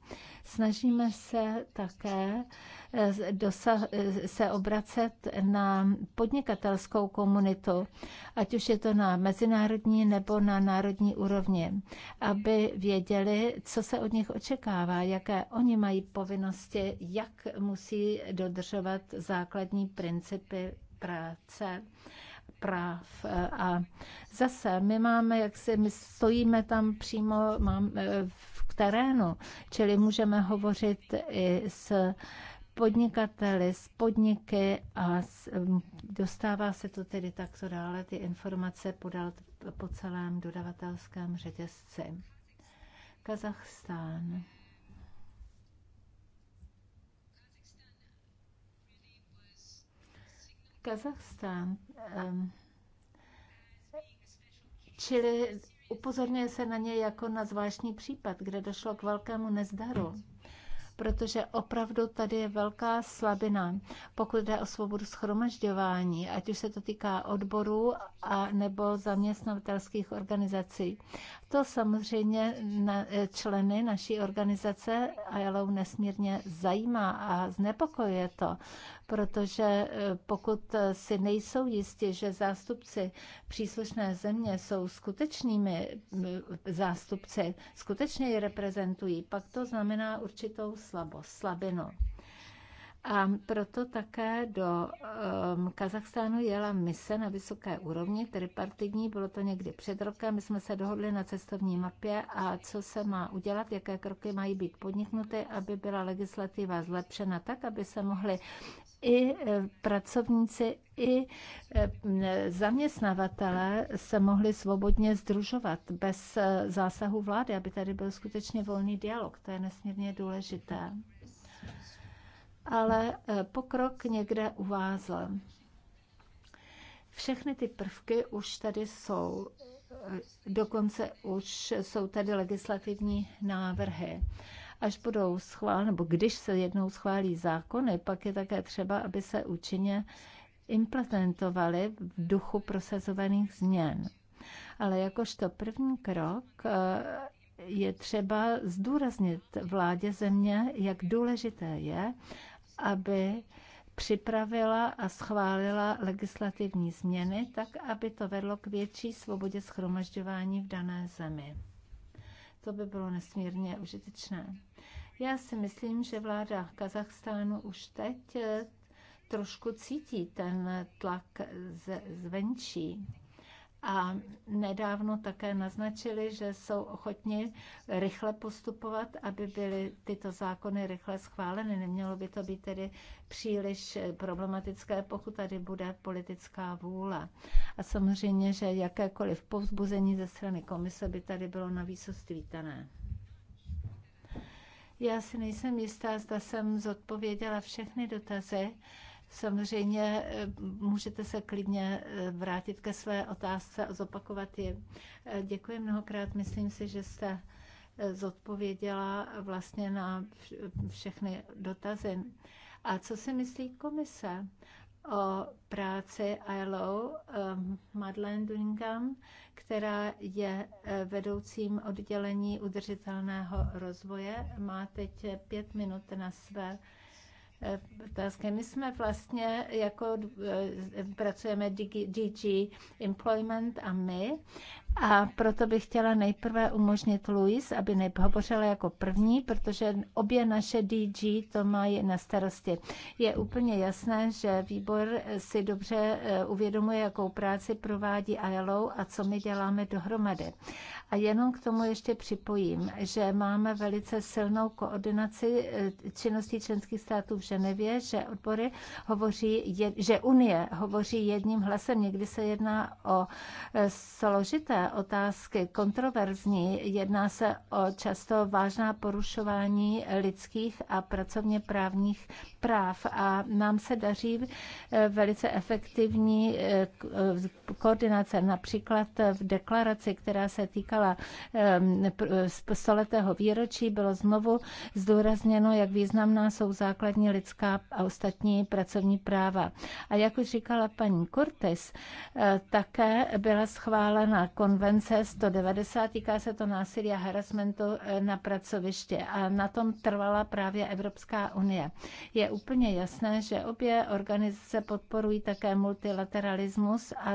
Snažíme se také eh, dosah, eh, se obracet na podnikatelskou komunitu, ať už je to na mezinárodní nebo na národní úrovni, aby věděli, co se od nich očekává, jaké oni mají povinnosti, jak musí dodržovat základní principy práce práv. Eh, a zase my máme, jak si my stojíme tam přímo mám, v v terénu, čili můžeme hovořit i s podnikateli, s podniky a s, mm, dostává se to tedy takto dále, ty informace podal po celém dodavatelském řetězci. Kazachstán. Kazachstán. Um, čili upozorňuje se na něj jako na zvláštní případ, kde došlo k velkému nezdaru protože opravdu tady je velká slabina, pokud jde o svobodu schromažďování, ať už se to týká odborů a nebo zaměstnavatelských organizací. To samozřejmě na, eh, členy naší organizace ILO nesmírně zajímá a znepokojuje to, protože eh, pokud eh, si nejsou jistí, že zástupci příslušné země jsou skutečnými eh, zástupci, skutečně je reprezentují, pak to znamená určitou slabost, slabinu. A proto také do um, Kazachstánu jela mise na vysoké úrovni, tedy partidní, bylo to někdy před rokem, my jsme se dohodli na cestovní mapě a co se má udělat, jaké kroky mají být podniknuty, aby byla legislativa zlepšena tak, aby se mohly i e, pracovníci, i e, zaměstnavatele se mohli svobodně združovat bez e, zásahu vlády, aby tady byl skutečně volný dialog. To je nesmírně důležité. Ale pokrok někde uvázl. Všechny ty prvky už tady jsou. Dokonce už jsou tady legislativní návrhy až budou schváleny, nebo když se jednou schválí zákony, pak je také třeba, aby se účinně implementovaly v duchu prosazovaných změn. Ale jakožto první krok eh, je třeba zdůraznit vládě země, jak důležité je, aby připravila a schválila legislativní změny tak, aby to vedlo k větší svobodě schromažďování v dané zemi. To by bylo nesmírně užitečné. Já si myslím, že vláda Kazachstánu už teď eh, trošku cítí ten tlak zvenčí. A nedávno také naznačili, že jsou ochotni rychle postupovat, aby byly tyto zákony rychle schváleny. Nemělo by to být tedy příliš eh, problematické, pokud tady bude politická vůle. A samozřejmě, že jakékoliv povzbuzení ze strany komise by tady bylo navíc vítané. Já si nejsem jistá, zda jsem zodpověděla všechny dotazy. Samozřejmě eh, můžete se klidně eh, vrátit ke své otázce a zopakovat je. Eh, děkuji mnohokrát, myslím si, že jste zodpověděla vlastně na všechny dotazy. A co si myslí komise? o práci ILO um, Madeleine Duncan, která je eh, vedoucím oddělení udržitelného rozvoje. Má teď eh, pět minut na své eh, otázky. My jsme vlastně jako pracujeme DG, DG Employment a my a proto bych chtěla nejprve umožnit Luis, aby hovořila jako první, protože obě naše DG to mají na starosti. Je úplně jasné, že výbor si dobře e, uvědomuje, jakou práci provádí ILO a co my děláme dohromady. A jenom k tomu ještě připojím, že máme velice silnou koordinaci e, činností členských států v Ženevě, že odbory hovoří, že Unie hovoří jedním hlasem. Někdy se jedná o e, složité otázky kontroverzní. Jedná se o často vážná porušování lidských a pracovně právních práv a nám se daří eh, velice efektivní eh, koordinace. Například v deklaraci, která se týkala ehm, stoletého výročí, bylo znovu zdůrazněno, jak významná jsou základní lidská a ostatní pracovní práva. A jak už říkala paní Kurtis, eh, také byla schválena kon konvence 190, týká se to násilí a harassmentu eh, na pracovišti a na tom trvala právě Evropská unie. Je úplně jasné, že obě organizace podporují také multilateralismus a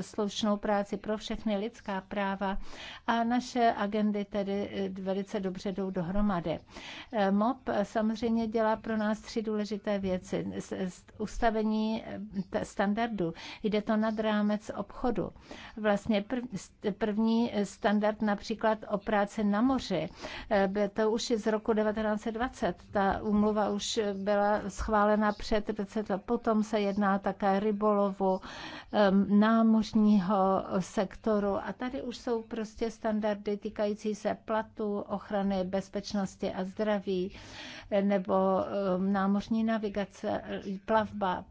slušnou práci pro všechny lidská práva a naše agendy tedy eh, velice dobře jdou dohromady. Eh, MOP samozřejmě dělá pro nás tři důležité věci. Ustavení standardu, jde to nad rámec obchodu. Vlastně první standard například o práci na moři. Eh, to už je z roku 1920. Ta úmluva už byla schválena před 20 let. Potom se jedná také rybolovu, ehm, námořního sektoru a tady už jsou prostě standardy týkající se platu, ochrany, bezpečnosti a zdraví eh, nebo ehm, námořní navigace, eh, plavba,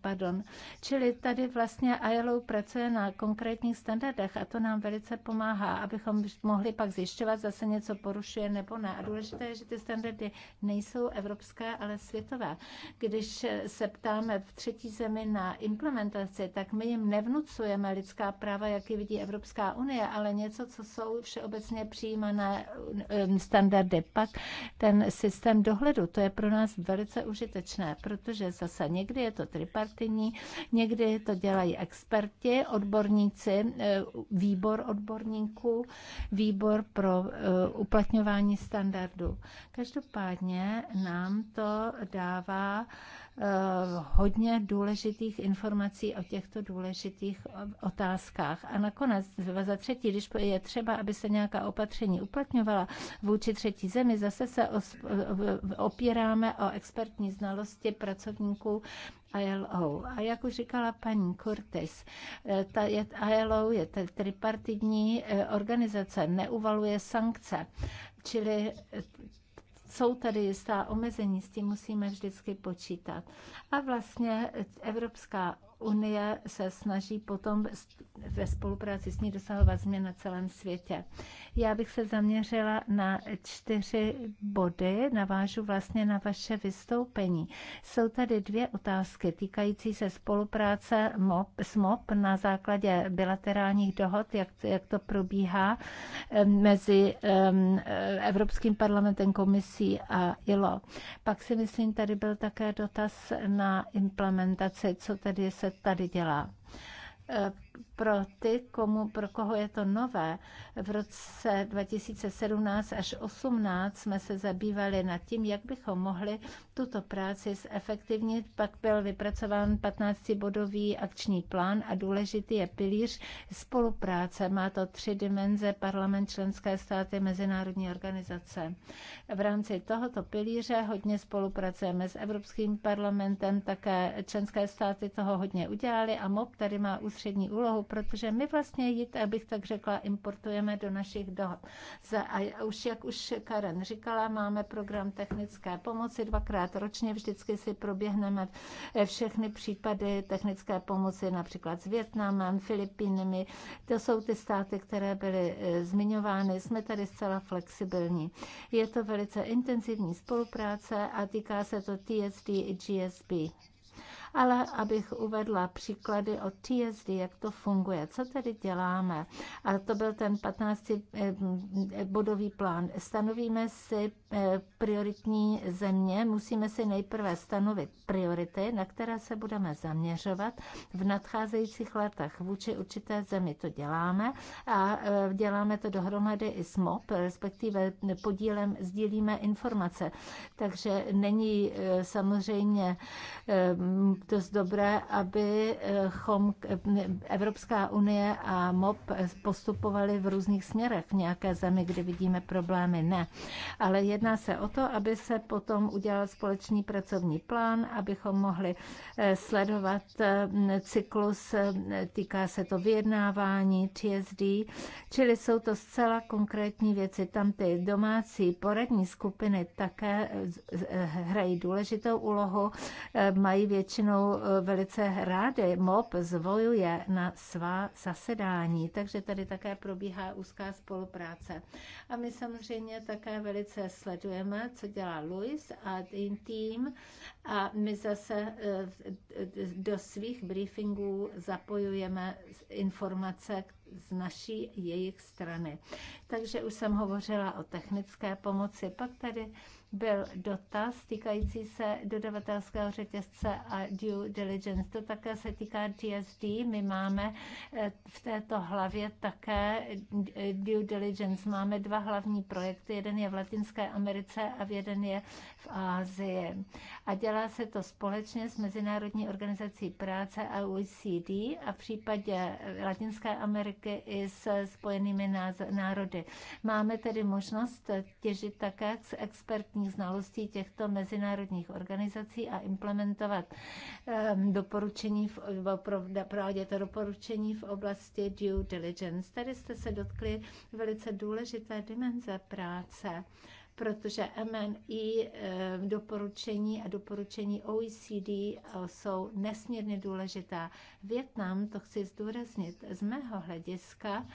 pardon. Čili tady vlastně ILO pracuje na konkrétních standardech a to nám velice pomáhá, abychom mohli pak zjišťovat, zase něco porušuje nebo ne. A důležité je, že ty standardy nejsou evropské, ale světové. Když se ptáme v třetí zemi na implementaci, tak my jim nevnucujeme lidská práva, jak je vidí Evropská unie, ale něco, co jsou všeobecně přijímané um, standardy. Pak ten systém dohledu, to je pro nás velice užitečné, protože zase někdy je to tripartitní, někdy to dělají experti, odborníci, výbor odborníků, výbor pro eh, uplatňování standardů. Každopádně nám to dává eh, hodně důležitých informací o těchto důležitých otázkách. A nakonec, za třetí, když je třeba, aby se nějaká opatření uplatňovala vůči třetí zemi, zase se eh, opíráme o expertní znalosti pracovníků ILO. A jak už říkala paní Curtis, eh, ta je, ILO je tripartitní eh, organizace, neuvaluje sankce, čili eh, jsou tady jistá omezení, s tím musíme vždycky počítat. A vlastně Evropská Unie se snaží potom ve spolupráci s ní dosahovat změn na celém světě. Já bych se zaměřila na čtyři body, navážu vlastně na vaše vystoupení. Jsou tady dvě otázky týkající se spolupráce MOP, s MOP na základě bilaterálních dohod, jak, jak to probíhá mezi Evropským parlamentem, komisí a ILO. Pak si myslím, tady byl také dotaz na implementaci, co tedy se se tady dělá. Eh, pro ty, komu, pro koho je to nové. V roce 2017 až 2018 jsme se zabývali nad tím, jak bychom mohli tuto práci zefektivnit. Pak byl vypracován 15-bodový akční plán a důležitý je pilíř spolupráce. Má to tři dimenze, parlament, členské státy, mezinárodní organizace. V rámci tohoto pilíře hodně spolupracujeme s Evropským parlamentem, také členské státy toho hodně udělali a MOP tady má úspěch ústřední úlohu, protože my vlastně jít, abych tak řekla, importujeme do našich dohod. A už, jak už Karen říkala, máme program technické pomoci dvakrát ročně, vždycky si proběhneme všechny případy technické pomoci, například s Větnamem, Filipínami. To jsou ty státy, které byly e, zmiňovány. Jsme tady zcela flexibilní. Je to velice intenzivní spolupráce a týká se to TSD i GSB ale abych uvedla příklady o TSD, jak to funguje, co tedy děláme. A to byl ten 15-bodový eh, plán. Stanovíme si eh, prioritní země, musíme si nejprve stanovit priority, na které se budeme zaměřovat v nadcházejících letech vůči určité zemi. To děláme a eh, děláme to dohromady i s MOP, respektive podílem sdílíme informace. Takže není samozřejmě dost dobré, aby Evropská unie a MOP postupovali v různých směrech v nějaké zemi, kde vidíme problémy. Ne. Ale jedná se o to, aby se potom udělal společný pracovní plán, abychom mohli eh, sledovat eh, cyklus, eh, týká se to vyjednávání, TSD, čili jsou to zcela konkrétní věci. Tam ty domácí poradní skupiny také hrají důležitou úlohu, mají většinu většinou e, velice rády MOP zvoluje na svá zasedání, takže tady také probíhá úzká spolupráce. A my samozřejmě také velice sledujeme, co dělá Luis a tým a my zase e, do svých briefingů zapojujeme informace z naší jejich strany. Takže už jsem hovořila o technické pomoci, pak tady byl dotaz týkající se dodavatelského řetězce a due diligence. To také se týká GSD. My máme eh, v této hlavě také due diligence. Máme dva hlavní projekty. Jeden je v Latinské Americe a jeden je v Ázii. A dělá se to společně s Mezinárodní organizací práce a OECD a v případě Latinské Ameriky i s Spojenými národy. Máme tedy možnost těžit také z expertní expertních znalostí těchto mezinárodních organizací a implementovat ehm, doporučení v, pro, provádět doporučení v oblasti due diligence. Tady jste se dotkli velice důležité dimenze práce protože MNI ehm, doporučení a doporučení OECD jsou nesmírně důležitá. Větnam, to chci zdůraznit, z mého hlediska,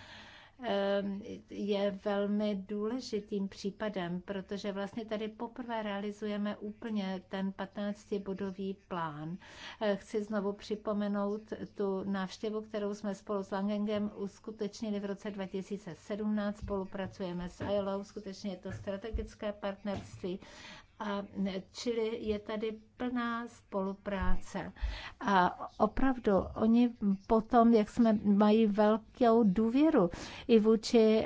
Ehm, je velmi důležitým případem, protože vlastně tady poprvé realizujeme úplně ten 15-bodový plán. Ehm, chci znovu připomenout tu návštěvu, kterou jsme spolu s Langengem uskutečnili v roce 2017. Spolupracujeme s ILO, skutečně je to strategické partnerství a čili je tady plná spolupráce. A opravdu oni potom, jak jsme mají velkou důvěru i vůči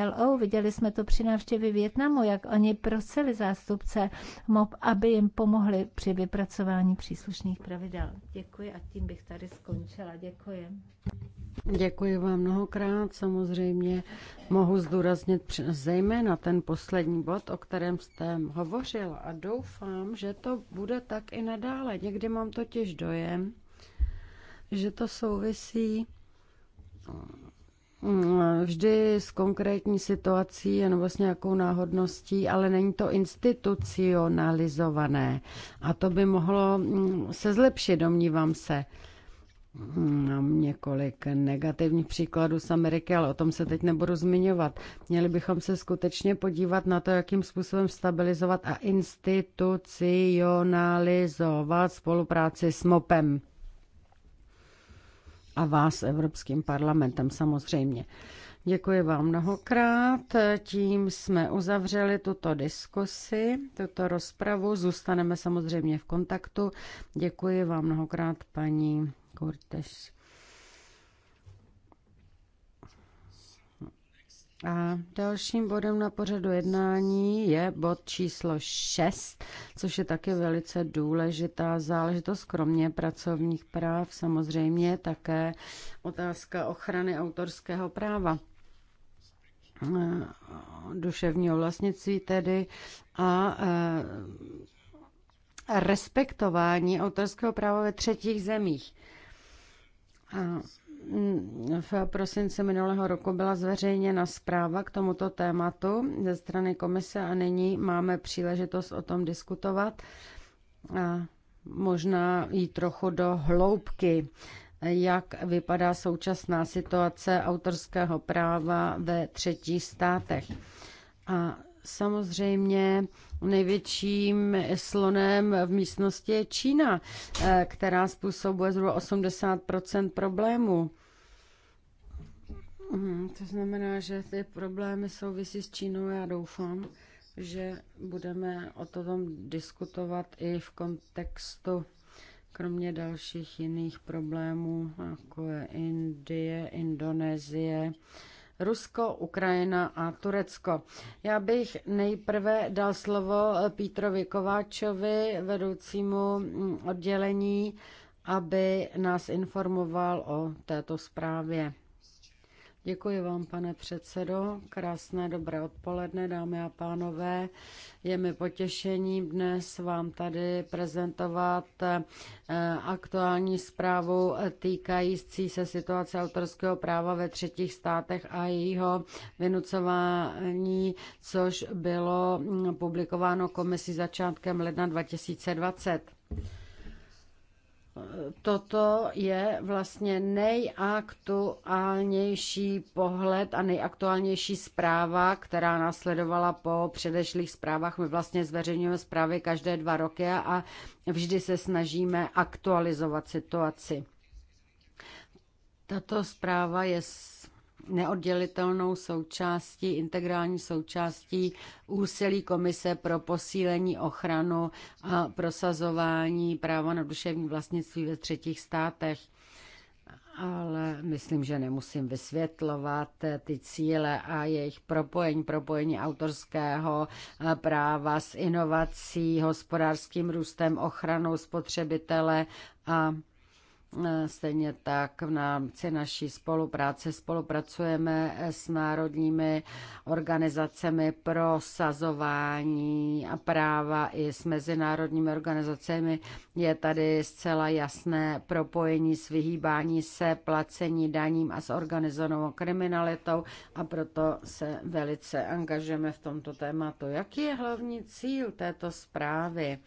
ILO, viděli jsme to při návštěvě Větnamu, jak oni prosili zástupce MOP, aby jim pomohli při vypracování příslušných pravidel. Děkuji a tím bych tady skončila. Děkuji. Děkuji vám mnohokrát. Samozřejmě mohu zdůraznit zejména ten poslední bod, o kterém jste hovořil zlepšil a doufám, že to bude tak i nadále. Někdy mám totiž dojem, že to souvisí mm, vždy s konkrétní situací nebo s nějakou náhodností, ale není to institucionalizované. A to by mohlo mm, se zlepšit, domnívám se. Hmm, mám několik negativních příkladů z Ameriky, ale o tom se teď nebudu zmiňovat. Měli bychom se skutečně podívat na to, jakým způsobem stabilizovat a institucionalizovat spolupráci s MOPem. A vás, Evropským parlamentem, samozřejmě. Děkuji vám mnohokrát. Tím jsme uzavřeli tuto diskusi, tuto rozpravu. Zůstaneme samozřejmě v kontaktu. Děkuji vám mnohokrát, paní Cortes. A dalším bodem na pořadu jednání je bod číslo 6, což je taky velice důležitá záležitost, kromě pracovních práv, samozřejmě také otázka ochrany autorského práva eh, duševního vlastnictví tedy a eh, respektování autorského práva ve třetích zemích. Mm, v prosinci minulého roku byla zveřejněna zpráva k tomuto tématu ze strany komise a nyní máme příležitost o tom diskutovat a možná jít trochu do hloubky, jak vypadá současná situace autorského práva ve třetích státech. A Samozřejmě největším slonem v místnosti je Čína, eh, která způsobuje zhruba 80 problémů. Hmm, to znamená, že ty problémy souvisí s Čínou. Já doufám, že budeme o tom diskutovat i v kontextu kromě dalších jiných problémů, jako je Indie, Indonésie, Rusko, Ukrajina a Turecko. Já bych nejprve dal slovo Pítrovi Kováčovi, vedoucímu mm, oddělení, aby nás informoval o této zprávě. Děkuji vám, pane předsedo. Krásné dobré odpoledne, dámy a pánové. Je mi potěšením dnes vám tady prezentovat eh, aktuální zprávu týkající se situace autorského práva ve třetích státech a jejího vynucování, což bylo mm, publikováno komisí začátkem ledna 2020 toto je vlastně nejaktuálnější pohled a nejaktuálnější zpráva, která následovala po předešlých zprávách. My vlastně zveřejňujeme zprávy každé dva roky a vždy se snažíme aktualizovat situaci. Tato zpráva je neoddělitelnou součástí, integrální součástí úsilí Komise pro posílení ochranu a prosazování práva na duševní vlastnictví ve třetích státech. Ale myslím, že nemusím vysvětlovat ty cíle a jejich propojení, propojení autorského práva s inovací, hospodářským růstem, ochranou spotřebitele a Stejně tak v rámci naší spolupráce spolupracujeme s národními organizacemi pro sazování a práva i s mezinárodními organizacemi. Je tady zcela jasné propojení s vyhýbání se placení daním a s organizovanou kriminalitou a proto se velice angažujeme v tomto tématu. Jaký je hlavní cíl této zprávy?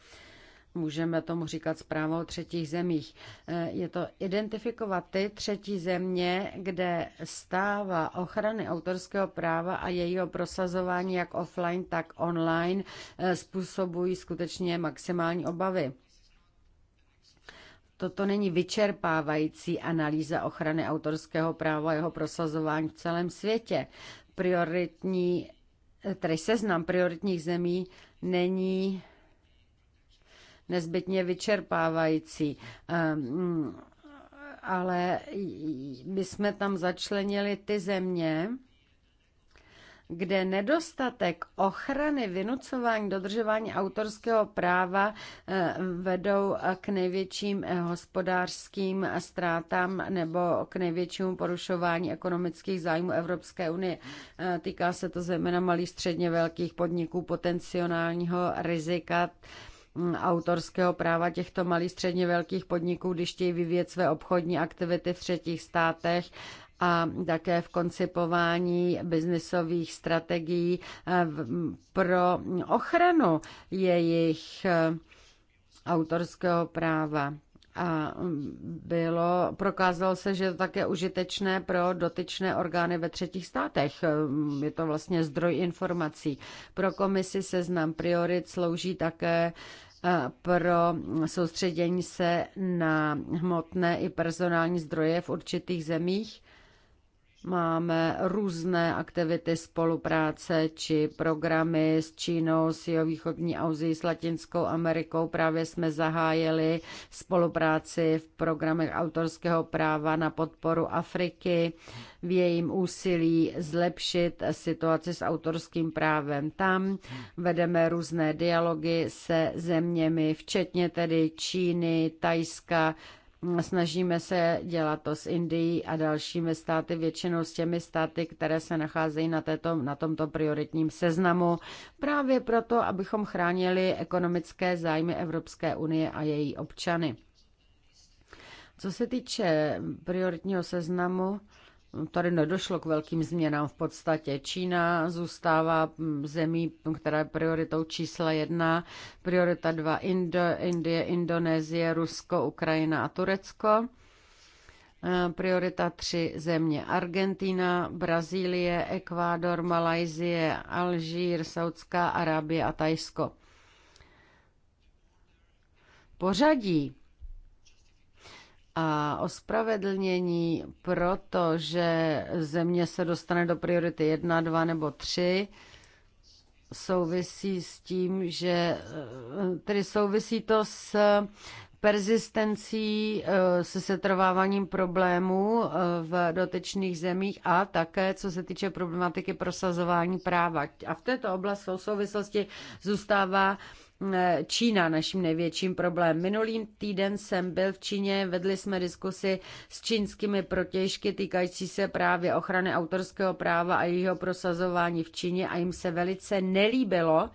můžeme tomu říkat zprávou o třetích zemích. Eh, je to identifikovat ty třetí země, kde stává ochrany autorského práva a jejího prosazování jak offline, tak online eh, způsobují skutečně maximální obavy. Toto není vyčerpávající analýza ochrany autorského práva a jeho prosazování v celém světě. Prioritní, tedy seznam prioritních zemí není nezbytně vyčerpávající ehm, ale my jsme tam začlenili ty země, kde nedostatek ochrany, vynucování, dodržování autorského práva eh, vedou k největším eh, hospodářským ztrátám nebo k největšímu porušování ekonomických zájmů Evropské unie. Eh, týká se to zejména malých středně velkých podniků, potenciálního rizika Mm, autorského práva těchto malých středně velkých podniků, když chtějí vyvíjet své obchodní aktivity v třetích státech a také v koncipování biznisových strategií eh, pro ochranu jejich eh, autorského práva. A mm, bylo, prokázalo se, že je to také užitečné pro dotyčné orgány ve třetích státech. Mm, je to vlastně zdroj informací. Pro komisi seznam priorit slouží také e, pro soustředění se na hmotné i personální zdroje v určitých zemích Máme různé aktivity spolupráce či programy s Čínou, s Jihovýchodní Auzií, s Latinskou Amerikou. Právě jsme zahájili spolupráci v programech autorského práva na podporu Afriky v jejím úsilí zlepšit situaci s autorským právem tam. Vedeme různé dialogy se zeměmi, včetně tedy Číny, Tajska, Snažíme se dělat to s Indií a dalšími státy, většinou s těmi státy, které se nacházejí na, této, na tomto prioritním seznamu, právě proto, abychom chránili ekonomické zájmy Evropské unie a její občany. Co se týče prioritního seznamu, tady nedošlo k velkým změnám v podstatě. Čína zůstává zemí, která je prioritou čísla jedna, priorita dva Indo, Indie, Indonésie, Rusko, Ukrajina a Turecko. Eh, priorita tři země Argentina, Brazílie, Ekvádor, Malajzie, Alžír, Saudská Arábie a Tajsko. Pořadí a ospravedlnění, protože země se dostane do priority 1, 2 nebo 3, souvisí s tím, že eh, tedy souvisí to s persistencí, eh, se setrváváním problémů eh, v dotečných zemích a také, co se týče problematiky prosazování práva. A v této oblasti v souvislosti zůstává Eh, Čína naším největším problém. Minulý týden jsem byl v Číně, vedli jsme diskusy s čínskými protěžky týkající se právě ochrany autorského práva a jeho prosazování v Číně a jim se velice nelíbilo,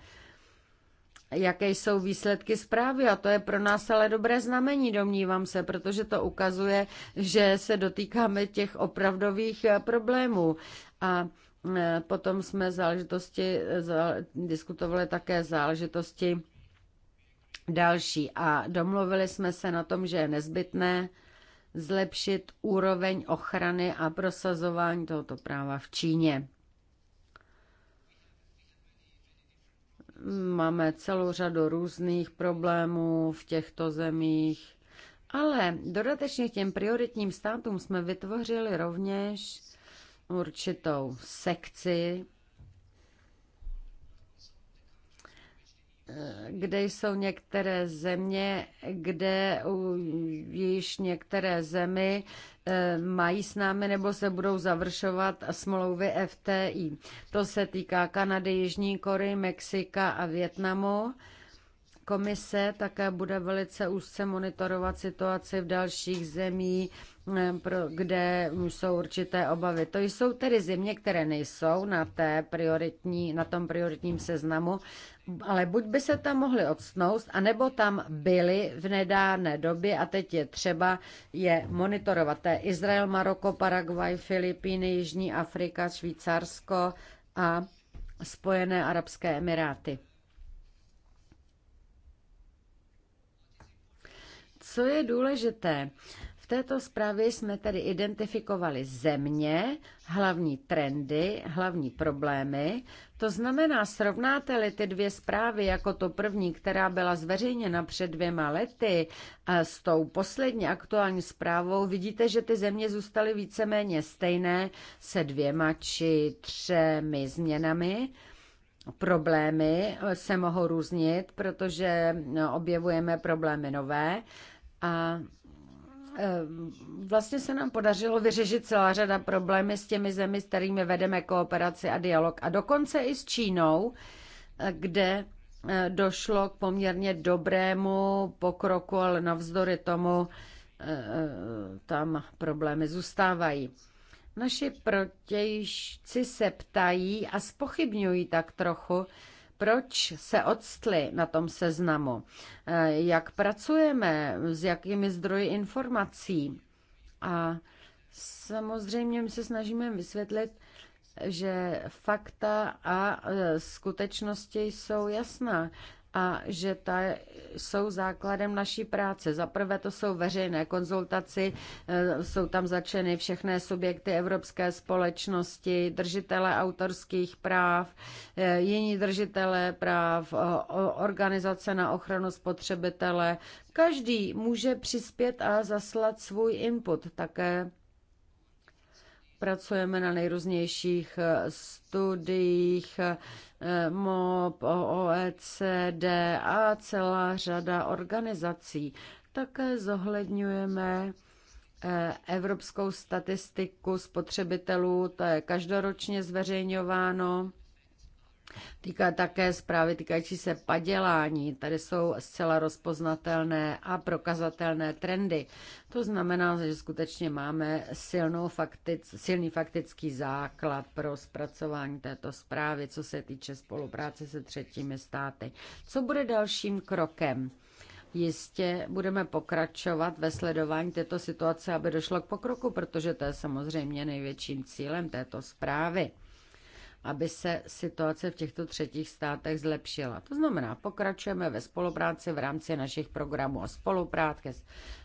jaké jsou výsledky zprávy a to je pro nás ale dobré znamení, domnívám se, protože to ukazuje, že se dotýkáme těch opravdových eh, problémů. A eh, potom jsme záležitosti, diskutovali také záležitosti další. A domluvili jsme se na tom, že je nezbytné zlepšit úroveň ochrany a prosazování tohoto práva v Číně. Máme celou řadu různých problémů v těchto zemích, ale dodatečně k těm prioritním státům jsme vytvořili rovněž určitou sekci kde jsou některé země, kde již některé zemi eh, mají s námi nebo se budou završovat smlouvy FTI. To se týká Kanady, Jižní Kory, Mexika a Větnamu. Komise také bude velice úzce monitorovat situaci v dalších zemí, eh, kde jsou určité obavy. To jsou tedy země, které nejsou na, té prioritní, na tom prioritním seznamu, ale buď by se tam mohli odsnout, anebo tam byli v nedávné době a teď je třeba je monitorovat. To je Izrael, Maroko, Paraguay, Filipíny, Jižní Afrika, Švýcarsko a Spojené Arabské Emiráty. Co je důležité? V této zprávě jsme tedy identifikovali země, hlavní trendy, hlavní problémy, to znamená, srovnáte-li ty dvě zprávy, jako to první, která byla zveřejněna před dvěma lety, a eh, s tou poslední aktuální zprávou, vidíte, že ty země zůstaly víceméně stejné se dvěma či třemi změnami. Problémy eh, se mohou různit, protože no, objevujeme problémy nové. A Eh, vlastně se nám podařilo vyřešit celá řada problémy s těmi zemi, s kterými vedeme kooperaci a dialog. A dokonce i s Čínou, eh, kde eh, došlo k poměrně dobrému pokroku, ale navzdory tomu tam problémy zůstávají. Naši protějšci se ptají a spochybňují tak trochu, proč se odstly na tom seznamu, eh, jak pracujeme, s jakými zdroji informací. A samozřejmě my se snažíme vysvětlit, že fakta a eh, skutečnosti jsou jasná a že ta jsou základem naší práce. Za prvé to jsou veřejné konzultaci, e, jsou tam začeny všechny subjekty evropské společnosti, držitele autorských práv, e, jiní držitele práv, organizace na ochranu spotřebitele. Každý může přispět a zaslat svůj input. Také Pracujeme na nejrůznějších eh, studiích eh, MOB, OECD a celá řada organizací. Také zohledňujeme eh, evropskou statistiku spotřebitelů, to je každoročně zveřejňováno týká také zprávy týkající se padělání. Tady jsou zcela rozpoznatelné a prokazatelné trendy. To znamená, že skutečně máme silnou faktic, silný faktický základ pro zpracování této zprávy, co se týče spolupráce se třetími státy. Co bude dalším krokem? Jistě budeme pokračovat ve sledování této situace, aby došlo k pokroku, protože to je samozřejmě největším cílem této zprávy aby se situace v těchto třetích státech zlepšila. To znamená, pokračujeme ve spolupráci v rámci našich programů a spolupráce.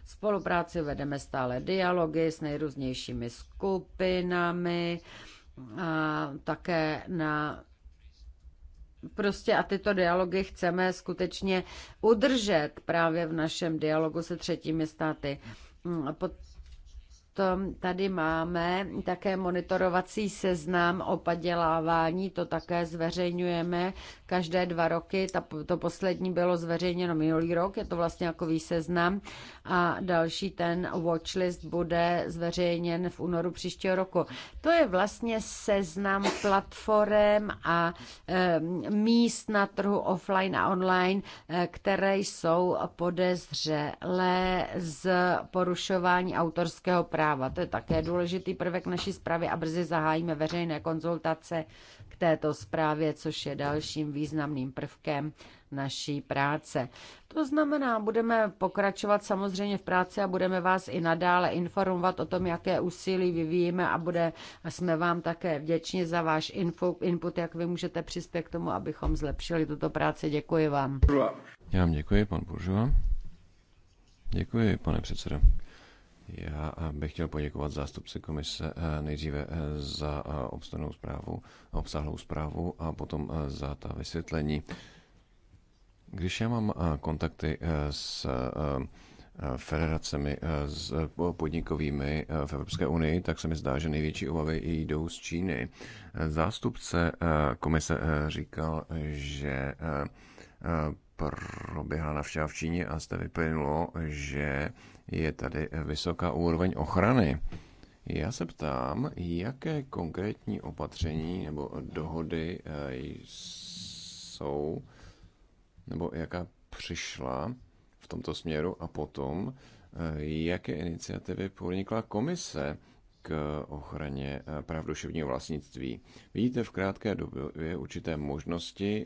Spolupráci vedeme stále dialogy s nejrůznějšími skupinami a také na prostě a tyto dialogy chceme skutečně udržet právě v našem dialogu se třetími státy. Pod potom tady máme také monitorovací seznam o padělávání, to také zveřejňujeme každé dva roky. Ta, to poslední bylo zveřejněno minulý rok, je to vlastně jako seznam. A další ten watchlist bude zveřejněn v únoru příštího roku. To je vlastně seznam platform a e, míst na trhu offline a online, e, které jsou podezřelé z porušování autorského práva práva. To je také důležitý prvek naší zprávy a brzy zahájíme veřejné konzultace k této zprávě, což je dalším významným prvkem naší práce. To znamená, budeme pokračovat samozřejmě v práci a budeme vás i nadále informovat o tom, jaké úsilí vyvíjíme a bude, a jsme vám také vděční za váš info, input, jak vy můžete přispět k tomu, abychom zlepšili tuto práci. Děkuji vám. Já vám děkuji, pan Buržova. Děkuji, pane předsedo. Já bych chtěl poděkovat zástupci komise eh, nejdříve eh, za eh, obstanou zprávu, obsáhlou zprávu a potom za ta vysvětlení. Když já mám kontakty s federacemi s podnikovými v Evropské unii, tak se mi zdá, že největší obavy jdou z Číny. Zástupce komise říkal, že proběhla navštěva v Číně a zde vyplynulo, že je tady vysoká úroveň ochrany. Já se ptám, jaké konkrétní opatření nebo dohody eh, jsou, nebo jaká přišla v tomto směru a potom, eh, jaké iniciativy podnikla komise k ochraně eh, práv duševního vlastnictví. Vidíte v krátké době určité možnosti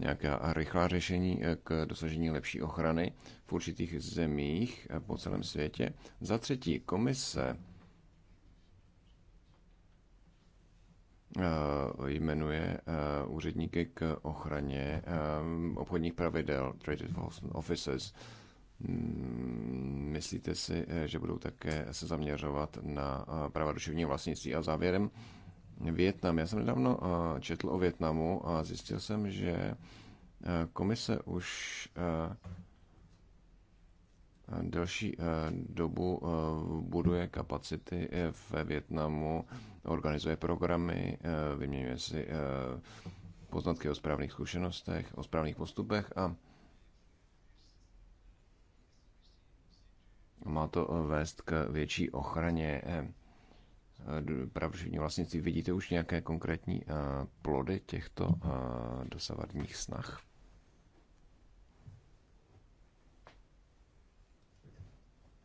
nějaká rychlá řešení eh, k dosažení lepší ochrany v určitých zemích eh, po celém světě. Za třetí, komise eh, jmenuje úředníky k ochraně obchodních pravidel, Trade Enforcement Offices. Hmm, myslíte si, že budou také se zaměřovat na práva duševního vlastnictví? A závěrem, Větnam. Já jsem nedávno eh, četl o Větnamu a zjistil jsem, že eh, komise už eh, delší dobu buduje kapacity ve Větnamu, organizuje programy, vyměňuje si poznatky o správných zkušenostech, o správných postupech a má to vést k větší ochraně pravduživního vlastnictví. Vidíte už nějaké konkrétní eh, plody těchto eh, dosavadních snah?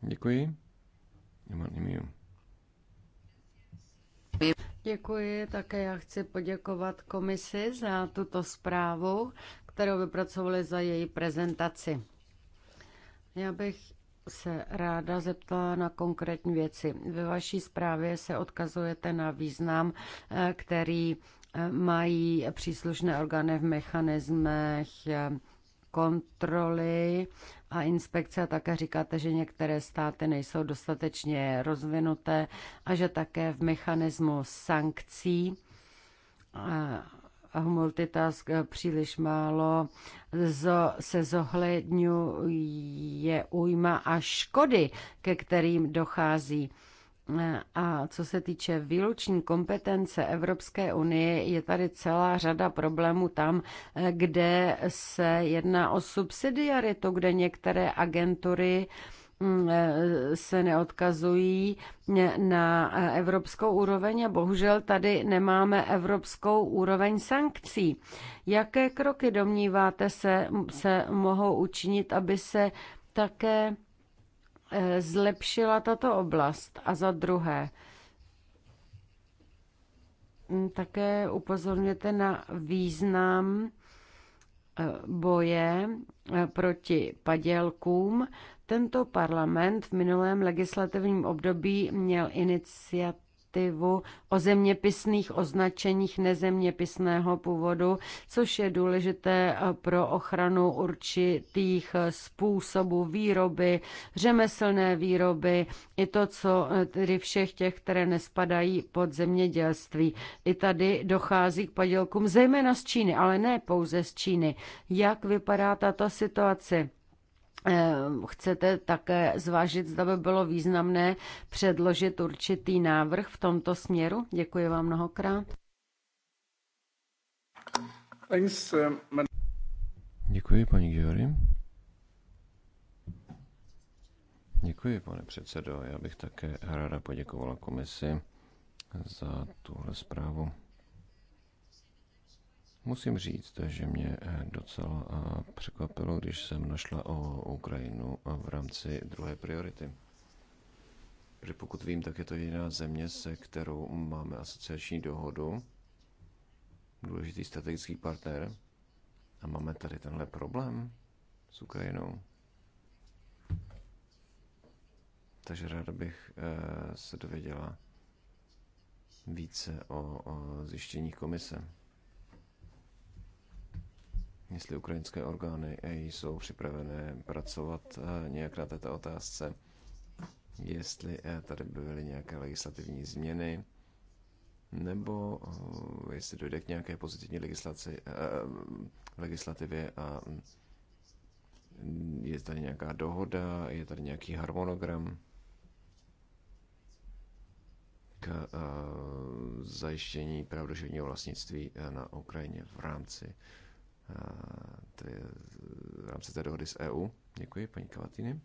Děkuji. Děkuji, také já chci poděkovat komisi za tuto zprávu, kterou vypracovali za její prezentaci. Já bych se ráda zeptala na konkrétní věci. Ve vaší zprávě se odkazujete na význam, eh, který eh, mají příslušné orgány v mechanismech eh, kontroly a inspekce a také říkáte, že některé státy nejsou dostatečně rozvinuté a že také v mechanismu sankcí multitask eh, příliš málo, zo, se zohledňuje újma a škody, ke kterým dochází. Eh, a co se týče výluční kompetence Evropské unie, je tady celá řada problémů tam, eh, kde se jedná o subsidiaritu, kde některé agentury uh, Mm, e, se neodkazují e, na evropskou úroveň a bohužel tady nemáme evropskou úroveň sankcí. Jaké kroky domníváte se, se mohou učinit, aby se také e, zlepšila tato oblast? A za druhé, také upozorněte na význam boje proti padělkům tento parlament v minulém legislativním období měl iniciativu o zeměpisných označeních nezeměpisného původu, což je důležité pro ochranu určitých způsobů výroby, řemeslné výroby, i to, co tedy všech těch, které nespadají pod zemědělství. I tady dochází k padělkům, zejména z Číny, ale ne pouze z Číny. Jak vypadá tato situace? Ehm, chcete také zvážit, zda by bylo významné předložit určitý návrh v tomto směru? Děkuji vám mnohokrát. Eh, Děkuji, paní Giori. Děkuji, pane předsedo. Já bych také ráda poděkovala komisi za tuhle zprávu. Musím říct, že mě eh, docela eh, překvapilo, když jsem našla o Ukrajinu eh, v rámci druhé priority. Protože pokud vím, tak je to jediná země, se kterou máme asociační dohodu, důležitý strategický partner. A máme tady tenhle problém s Ukrajinou. Takže ráda bych se dověděla více o, o zjištěních komise jestli ukrajinské orgány jsou připravené pracovat eh, nějak na této otázce, jestli eh, tady by byly nějaké legislativní změny, nebo eh, jestli dojde k nějaké pozitivní legislaci, eh, legislativě a mm, je tady nějaká dohoda, je tady nějaký harmonogram k zajištění pravdoživního vlastnictví na Ukrajině v rámci tedy eh, v rámci té dohody s EU. Děkuji, paní Kavatýny.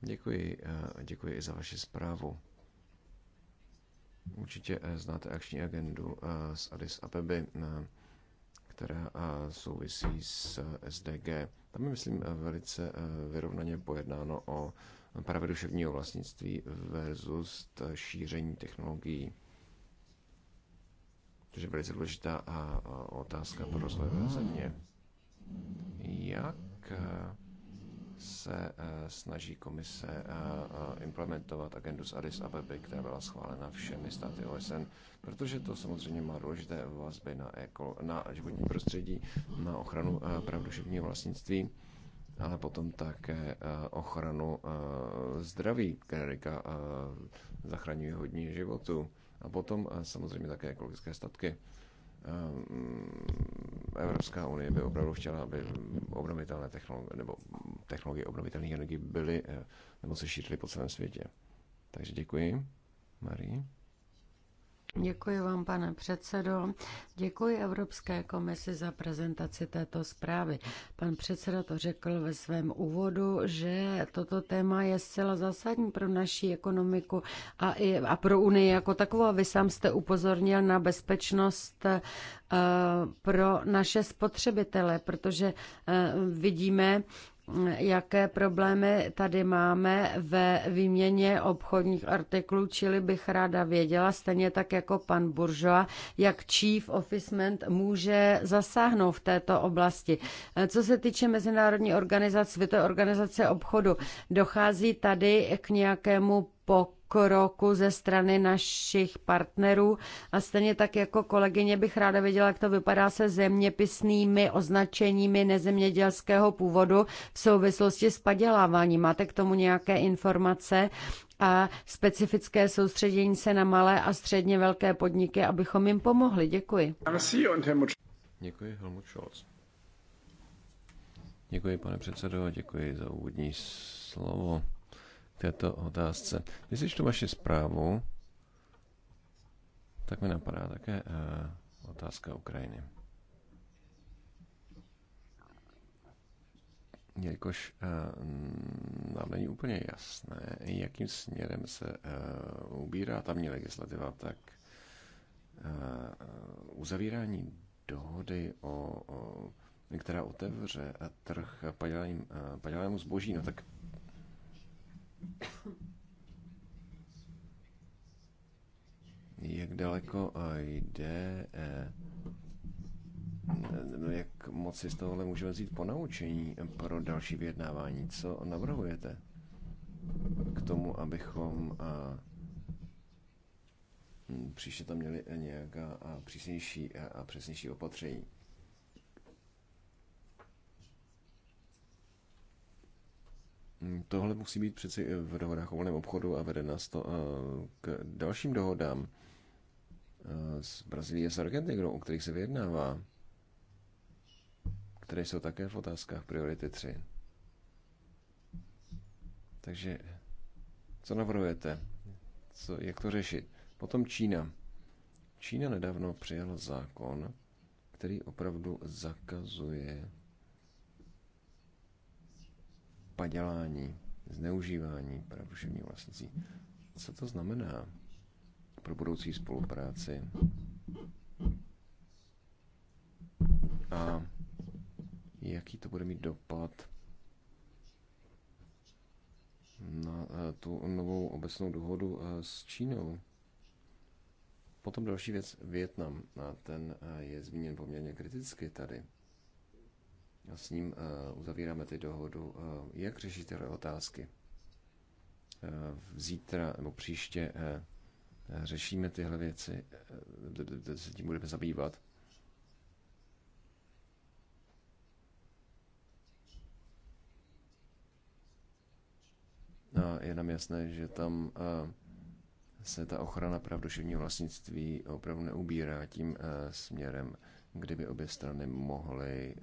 Děkuji, eh, děkuji i za vaši zprávu. Určitě eh, znáte akční agendu z Addis Abeby, která souvisí s SDG. Tam je, myslím, velice vyrovnaně pojednáno o právě duševního vlastnictví versus šíření technologií to je velice důležitá a otázka pro rozvojové země. Jak e, se e, snaží komise e, implementovat agendu z Addis Abeby, která byla schválena všemi státy OSN, protože to samozřejmě má důležité vazby na, eko, na životní prostředí, na ochranu pravduševního vlastnictví, ale potom také ochranu zdraví. Generika zachraňuje hodně životů a potom eh, samozřejmě také ekologické statky. Eh, mm, Evropská unie by opravdu chtěla, aby obnovitelné technologie, nebo technologie obnovitelných energií byly eh, nebo se šířily po celém světě. Takže děkuji, Marie. Děkuji vám, pane předsedo. Děkuji Evropské komisi za prezentaci této zprávy. Pan předseda to řekl ve svém úvodu, že toto téma je zcela zásadní pro naši ekonomiku a, i, a pro Unii jako takovou. Vy sám jste upozornil na bezpečnost eh, pro naše spotřebitele, protože eh, vidíme, jaké problémy tady máme ve výměně obchodních artiklů, čili bych ráda věděla, stejně tak jako pan Buržoa, jak chief officement může zasáhnout v této oblasti. Co se týče Mezinárodní organizace, Světové organizace obchodu, dochází tady k nějakému pokusu kroku ze strany našich partnerů. A stejně tak jako kolegyně bych ráda věděla, jak to vypadá se zeměpisnými označeními nezemědělského původu v souvislosti s paděláváním. Máte k tomu nějaké informace? a specifické soustředění se na malé a středně velké podniky, abychom jim pomohli. Děkuji. Děkuji, Helmut Scholz. Děkuji, pane předsedo, děkuji za úvodní slovo této otázce. Když tu vaši zprávu, tak mi napadá také uh, otázka Ukrajiny. Jelikož uh, nám není úplně jasné, jakým směrem se uh, ubírá tamní legislativa, tak uh, uzavírání dohody o, o která otevře trh padělanému zboží, no tak jak daleko eh, jde, eh, no, jak moc si z tohohle můžeme vzít po naučení eh, pro další vyjednávání? Co navrhujete k tomu, abychom příště tam měli nějaká přísnější a přesnější opatření? Mm, tohle musí být přeci v dohodách o volném obchodu a vede nás to eh, k dalším dohodám eh, s Brazílie, a s Argentinou, o kterých se vyjednává, které jsou také v otázkách priority 3. Takže co navrhujete? Co, jak to řešit? Potom Čína. Čína nedávno přijala zákon, který opravdu zakazuje padělání, zneužívání práv duševního vlastnictví. Co to znamená pro budoucí spolupráci? A jaký to bude mít dopad na eh, tu novou obecnou dohodu eh, s Čínou? Potom další věc, Větnam. A ten eh, je zmíněn poměrně kriticky tady. A s ním eh, uzavíráme ty dohodu. Eh, jak řešíte otázky? Eh, zítra nebo příště řešíme tyhle věci, se tím budeme zabývat. A je nám jasné, že tam se ta ochrana práv vlastnictví opravdu neubírá tím směrem, kdyby obě strany mohly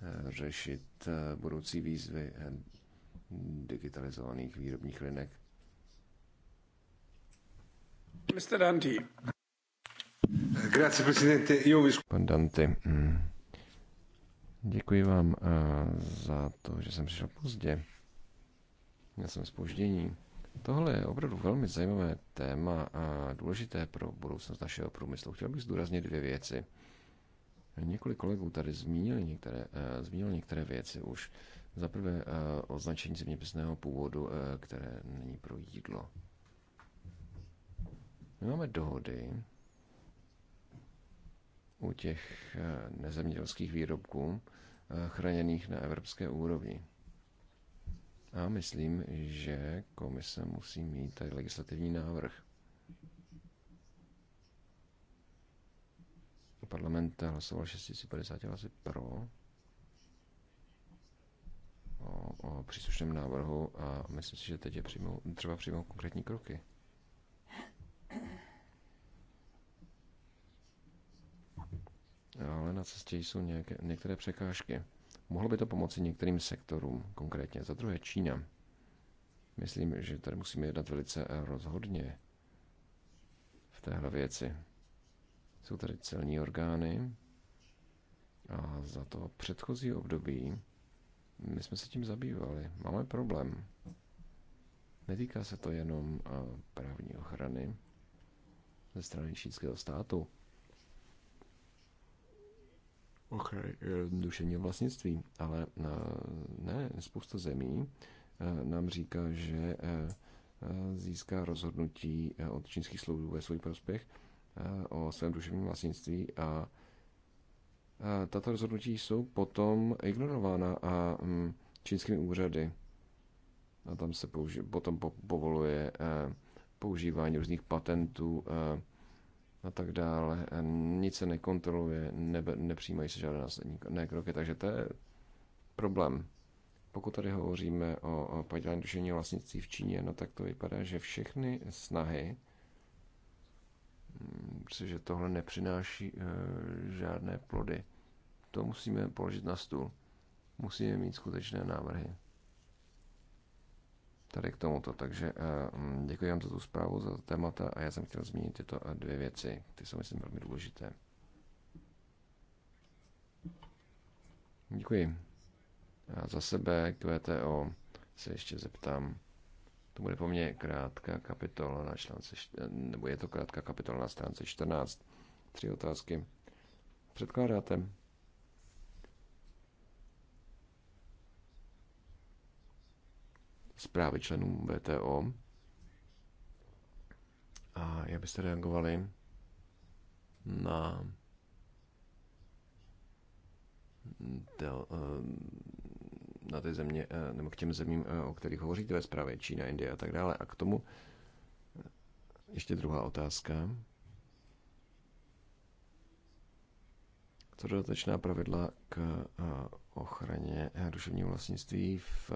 Eh, řešit eh, budoucí výzvy eh, digitalizovaných výrobních linek. Mr. Dante. Grazie, presidente. Io vi... Pan Dante. Mm. Děkuji vám za to, že jsem přišel pozdě. Já jsem spoždění. Tohle je opravdu velmi zajímavé téma a důležité pro budoucnost našeho průmyslu. Chtěl bych zdůraznit dvě věci. Několik kolegů tady zmínili některé, eh, zmínil některé věci už. Za prvé eh, označení zeměpisného původu, eh, které není pro jídlo. My máme dohody u těch nezemědělských výrobků chráněných na evropské úrovni. A myslím, že komise musí mít tady legislativní návrh. parlament hlasoval 650 hlasy pro o, o příslušném návrhu a myslím si, že teď je přijmou, třeba přijmout konkrétní kroky. Ale na cestě jsou nějaké, některé překážky. Mohlo by to pomoci některým sektorům, konkrétně za druhé Čína. Myslím, že tady musíme jednat velice rozhodně v téhle věci. Jsou tady celní orgány a za to předchozí období my jsme se tím zabývali. Máme problém. Netýká se to jenom právní ochrany ze strany čínského státu. Ok, e, Duševní vlastnictví, ale e, ne, spousta zemí e, nám říká, že získá rozhodnutí od čínských soudů ve svůj prospěch Eh, o svém duševním vlastnictví a tato rozhodnutí jsou potom ignorována a mm, čínskými úřady. A tam se použi- potom po- povoluje eh, používání různých patentů eh, a tak dále. Nic se nekontroluje, nebe- nepřijímají se žádné následní kroky, takže to je problém. Pokud tady hovoříme o padělání duševního vlastnictví v Číně, no tak to vypadá, že všechny snahy protože mm, že tohle nepřináší eh, žádné plody. To musíme položit na stůl. Musíme mít skutečné návrhy. Tady k tomuto. Takže eh, mm, děkuji vám za tu zprávu, za témata a já jsem chtěl zmínit tyto eh, dvě věci. Ty jsou, myslím, velmi důležité. Děkuji. A za sebe k se ještě zeptám to bude po mně krátká kapitola na článce, nebo je to krátká kapitola na stránce 14. Tři otázky. Předkládáte zprávy členům VTO a jak byste reagovali na del, na ty země, eh, nebo k těm zemím, eh, o kterých hovoříte ve zprávě, Čína, Indie a tak dále. A k tomu ještě druhá otázka. Co dodatečná pravidla k eh, ochraně duševního vlastnictví v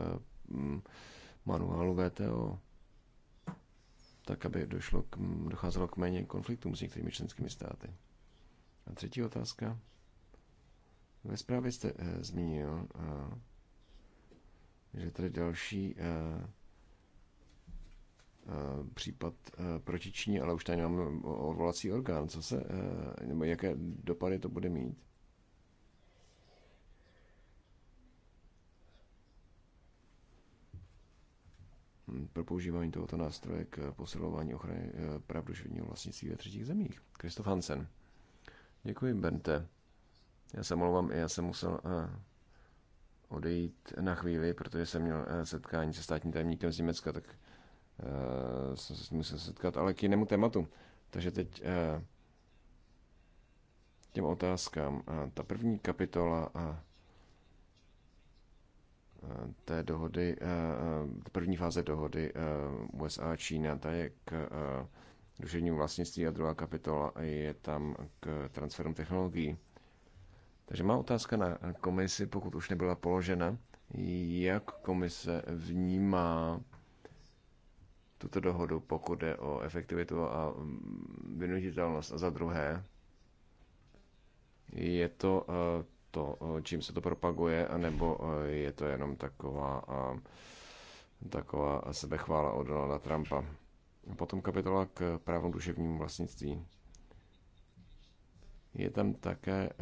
manuálu VTO, tak aby došlo k, docházelo k méně konfliktům s některými členskými státy. A třetí otázka. Ve zprávě jste zmínil, že tady další eh, eh, případ uh, protiční, ale už tady máme odvolací orgán. Co se, nebo jaké dopady to bude mít? Hm, pro používání tohoto nástroje k posilování ochrany práv duševního vlastnictví ve třetích zemích. Kristof Hansen. Děkuji, Bente. Já se omlouvám, já jsem musel odejít na chvíli, protože jsem měl eh, setkání se státním tajemníkem z Německa, tak eh, jsem se s ním musel setkat, ale k jinému tématu. Takže teď eh, těm otázkám. ta první kapitola a té dohody, první fáze dohody USA a Čína, ta je k uh, duševnímu vlastnictví a druhá kapitola je tam k transferům technologií. Takže má otázka na komisi, pokud už nebyla položena, jak komise vnímá tuto dohodu, pokud jde o efektivitu a mm, vynutitelnost. A za druhé, je to e, to, e, čím se to propaguje, anebo e, je to jenom taková, taková sebechvála od Donalda Trumpa. Potom kapitola k právům duševnímu vlastnictví. Je tam také eh,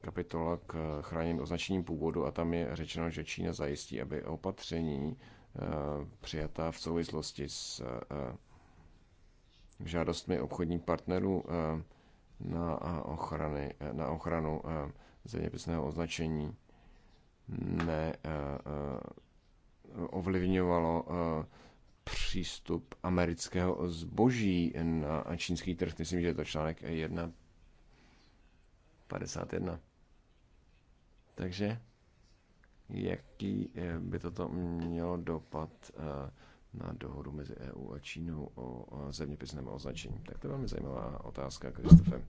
kapitola k chráněným označením původu a tam je řečeno, že Čína zajistí, aby opatření eh, přijatá v souvislosti s eh, žádostmi obchodních partnerů na, ochrany, na ochranu zeměpisného označení ne ovlivňovalo přístup amerického zboží na čínský trh. Myslím, že je to článek 1 e 51. Takže jaký eh, by toto mělo dopad eh, na dohodu mezi EU a Čínou o zeměpisném označení? Tak to je velmi zajímavá otázka, Kristofe.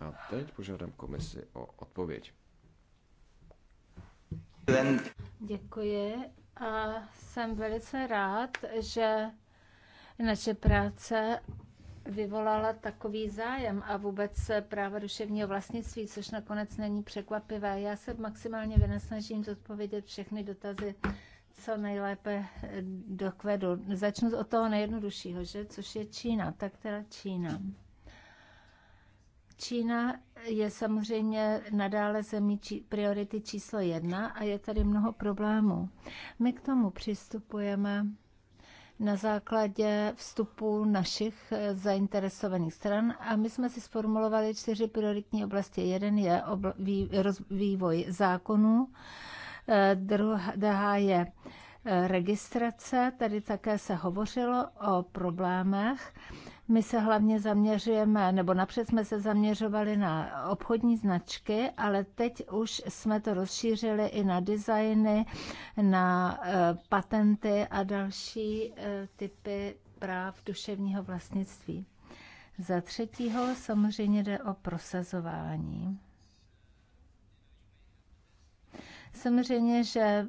A teď požádám komisi o odpověď. Děkuji a jsem velice rád, že naše práce vyvolala takový zájem a vůbec práva duševního vlastnictví, což nakonec není překvapivé. Já se maximálně vynasnažím zodpovědět všechny dotazy, co nejlépe dokvedu. Začnu od toho nejjednoduššího, že? což je Čína, tak teda Čína. Čína je samozřejmě nadále zemí či, priority číslo jedna a je tady mnoho problémů. My k tomu přistupujeme na základě vstupu našich eh, zainteresovaných stran a my jsme si sformulovali čtyři prioritní oblasti. Jeden je vývoj zákonů, eh, druhá je registrace. Tady také se hovořilo o problémech. My se hlavně zaměřujeme, nebo napřed jsme se zaměřovali na obchodní značky, ale teď už jsme to rozšířili i na designy, na e, patenty a další e, typy práv duševního vlastnictví. Za třetího samozřejmě jde o prosazování. Samozřejmě, že e,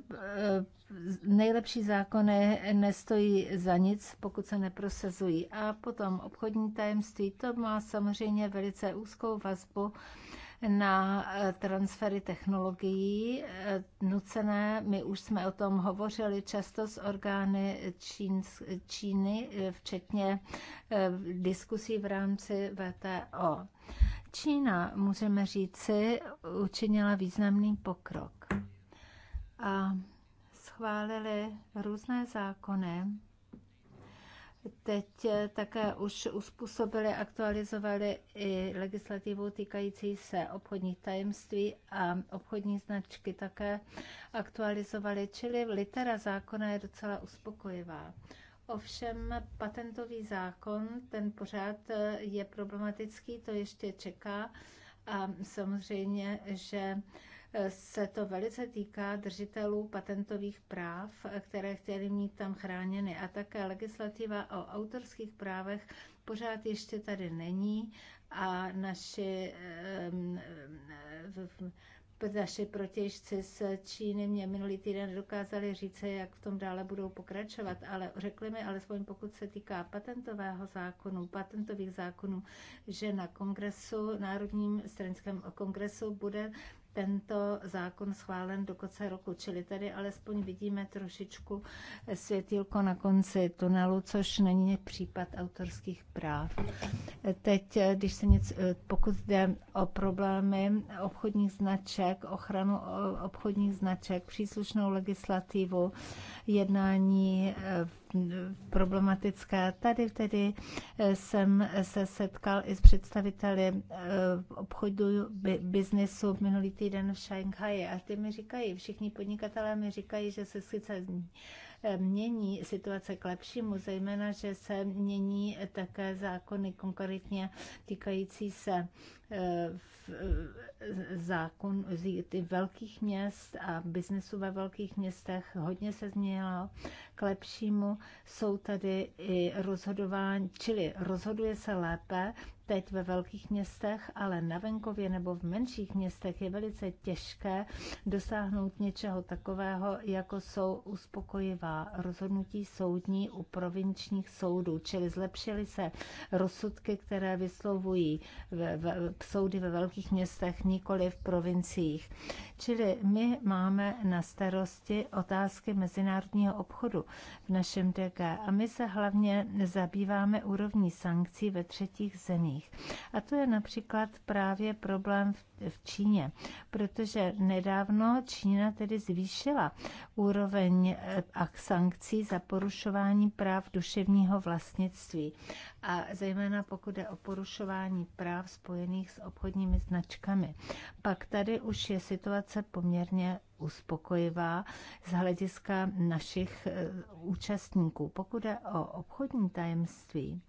nejlepší zákony nestojí za nic, pokud se neprosazují. A potom obchodní tajemství, to má samozřejmě velice úzkou vazbu na e, transfery technologií e, nucené. My už jsme o tom hovořili často s orgány Čín, Číny, včetně diskusí v rámci VTO. Čína, můžeme říci, učinila významný pokrok a schválili různé zákony, Teď eh, také už uspůsobili, aktualizovali i legislativu týkající se obchodních tajemství a obchodní značky také aktualizovali, čili litera zákona je docela uspokojivá. Ovšem patentový zákon, ten pořád eh, je problematický, to ještě čeká a samozřejmě, že se to velice týká držitelů patentových práv, které chtěli mít tam chráněny. A také legislativa o autorských právech pořád ještě tady není a naši naši protěžci z Číny mě minulý týden dokázali říct, jak v tom dále budou pokračovat, ale řekli mi, alespoň pokud se týká patentového zákonu, patentových zákonů, že na kongresu, Národním stranickém kongresu bude tento zákon schválen do konce roku. Čili tady alespoň vidíme trošičku světilko na konci tunelu, což není případ autorských práv. Teď, když se nic, pokud jde o problémy obchodních značek, ochranu obchodních značek, příslušnou legislativu, jednání v eh, problematické. Tady tedy eh, jsem se setkal i s představiteli eh, obchodu biznesu minulý týden v Šanghaji a ty mi říkají, všichni podnikatelé mi říkají, že se sice eh, mění situace k lepšímu, zejména, že se mění také zákony konkrétně týkající se zákon ty velkých měst a biznesu ve velkých městech hodně se změnilo k lepšímu. Jsou tady i rozhodování, čili rozhoduje se lépe teď ve velkých městech, ale na venkově nebo v menších městech je velice těžké dosáhnout něčeho takového, jako jsou uspokojivá rozhodnutí soudní u provinčních soudů, čili zlepšily se rozsudky, které vyslovují v, v, soudy ve velkých městech, nikoli v provinciích. Čili my máme na starosti otázky mezinárodního obchodu v našem DG a my se hlavně zabýváme úrovní sankcí ve třetích zemích. A to je například právě problém v v Číně, protože nedávno Čína tedy zvýšila úroveň eh, a sankcí za porušování práv duševního vlastnictví a zejména pokud je o porušování práv spojených s obchodními značkami. Pak tady už je situace poměrně uspokojivá z hlediska našich eh, účastníků. Pokud je o obchodní tajemství,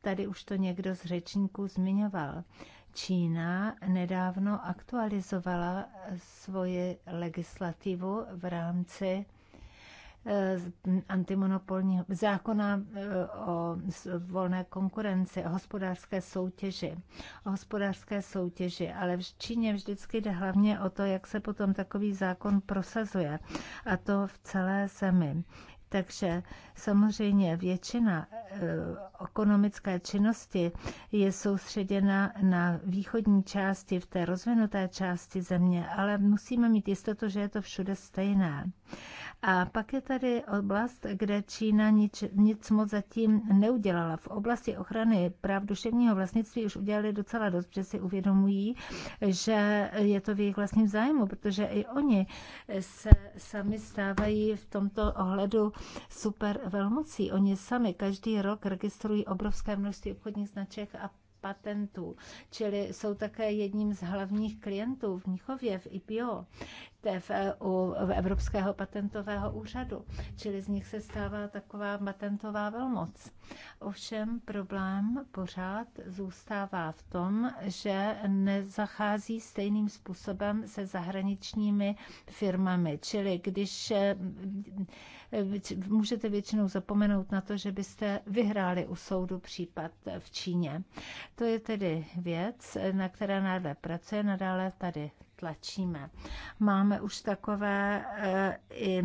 tady už to někdo z řečníků zmiňoval. Čína nedávno aktualizovala svoji legislativu v rámci eh, antimonopolního zákona eh, o volné konkurenci, o hospodářské soutěži. O hospodářské soutěži, ale v Číně vždycky jde hlavně o to, jak se potom takový zákon prosazuje, a to v celé zemi. Takže samozřejmě většina eh, ekonomické činnosti je soustředěna na východní části, v té rozvinuté části země, ale musíme mít jistotu, že je to všude stejné. A pak je tady oblast, kde Čína nič, nic moc zatím neudělala. V oblasti ochrany práv duševního vlastnictví už udělali docela dost, protože si uvědomují, že je to v jejich vlastním zájmu, protože i oni se sami stávají v tomto ohledu super velmocí. Oni sami každý rok registrují obrovské množství obchodních značek a patentů, čili jsou také jedním z hlavních klientů v Mnichově, v IPO. E u Evropského patentového úřadu, čili z nich se stává taková patentová velmoc. Ovšem problém pořád zůstává v tom, že nezachází stejným způsobem se zahraničními firmami, čili když eh, můžete většinou zapomenout na to, že byste vyhráli u soudu případ v Číně. To je tedy věc, na které nadále pracuje, nadále tady tlačíme. Máme už takové eh,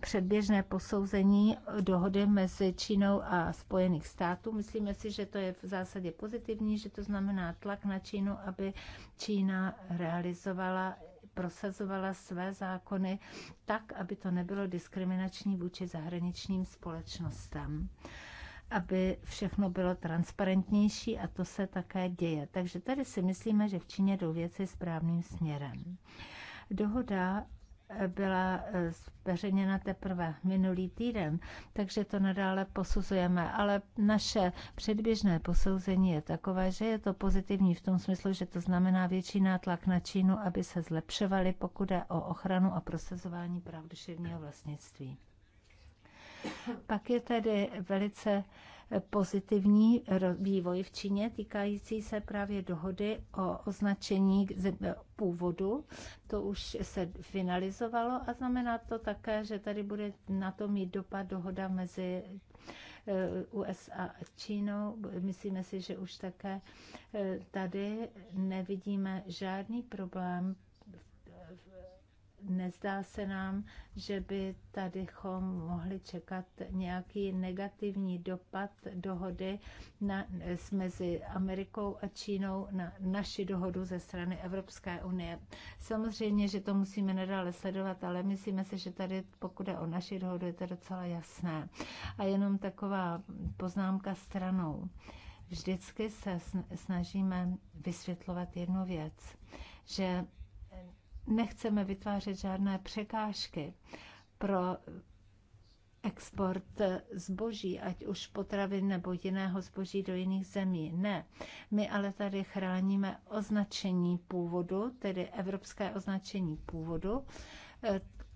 předběžné posouzení dohody mezi Čínou a Spojených států. Myslíme si, že to je v zásadě pozitivní, že to znamená tlak na Čínu, aby Čína realizovala prosazovala své zákony tak, aby to nebylo diskriminační vůči zahraničním společnostem aby všechno bylo transparentnější a to se také děje. Takže tady si myslíme, že v Číně jdou věci správným směrem. Dohoda eh, byla eh, zveřejněna teprve minulý týden, takže to nadále posuzujeme. Ale naše předběžné posouzení je takové, že je to pozitivní v tom smyslu, že to znamená větší nátlak na Čínu, aby se zlepšovali, pokud je o ochranu a prosazování práv duševního vlastnictví. Pak je tedy velice pozitivní vývoj v Číně týkající se právě dohody o označení původu. To už se finalizovalo a znamená to také, že tady bude na to mít dopad dohoda mezi eh, USA a Čínou. Myslíme si, že už také eh, tady nevidíme žádný problém nezdá se nám, že by tadychom mohli čekat nějaký negativní dopad dohody na, mezi Amerikou a Čínou na naši dohodu ze strany Evropské unie. Samozřejmě, že to musíme nadále sledovat, ale myslíme si, že tady, pokud je o naši dohodu, je to docela jasné. A jenom taková poznámka stranou. Vždycky se snažíme vysvětlovat jednu věc, že nechceme vytvářet žádné překážky pro export zboží, ať už potravin nebo jiného zboží do jiných zemí. Ne, my ale tady chráníme označení původu, tedy evropské označení původu,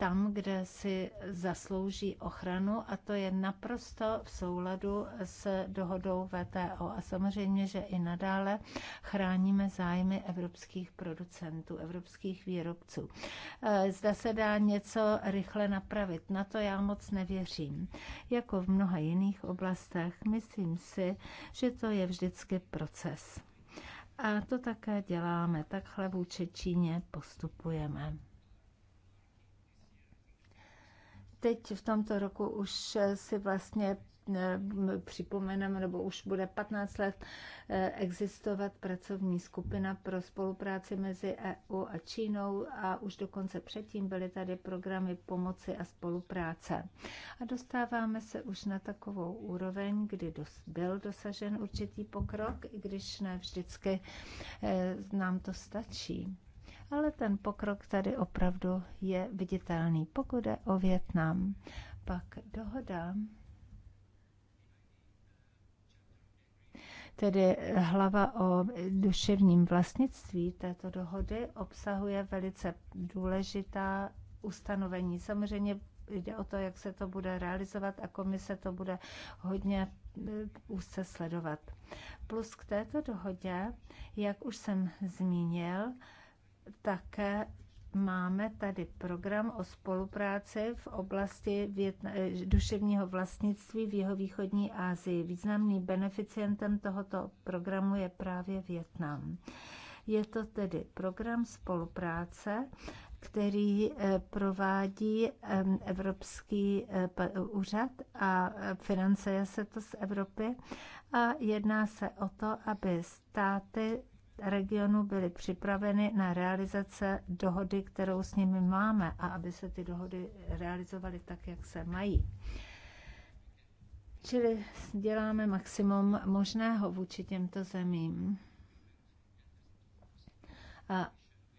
tam, kde si zaslouží ochranu a to je naprosto v souladu s dohodou VTO. A samozřejmě, že i nadále chráníme zájmy evropských producentů, evropských výrobců. E, zda se dá něco rychle napravit, na to já moc nevěřím. Jako v mnoha jiných oblastech, myslím si, že to je vždycky proces. A to také děláme, takhle vůči Číně postupujeme. teď v tomto roku už si vlastně eh, připomeneme, nebo už bude 15 let eh, existovat pracovní skupina pro spolupráci mezi EU a Čínou a už dokonce předtím byly tady programy pomoci a spolupráce. A dostáváme se už na takovou úroveň, kdy dos- byl dosažen určitý pokrok, i když ne vždycky eh, nám to stačí ale ten pokrok tady opravdu je viditelný. Pokud je o Větnam, pak dohoda Tedy hlava o duševním vlastnictví této dohody obsahuje velice důležitá ustanovení. Samozřejmě jde o to, jak se to bude realizovat a komise to bude hodně e, úzce sledovat. Plus k této dohodě, jak už jsem zmínil, také máme tady program o spolupráci v oblasti větna, eh, duševního vlastnictví v jeho východní Asii. Významným beneficientem tohoto programu je právě Větnam. Je to tedy program spolupráce, který eh, provádí Evropský eh, úřad a financuje se to z Evropy. A jedná se o to, aby státy regionů byly připraveny na realizace dohody, kterou s nimi máme a aby se ty dohody realizovaly tak, jak se mají. Čili děláme maximum možného vůči těmto zemím. A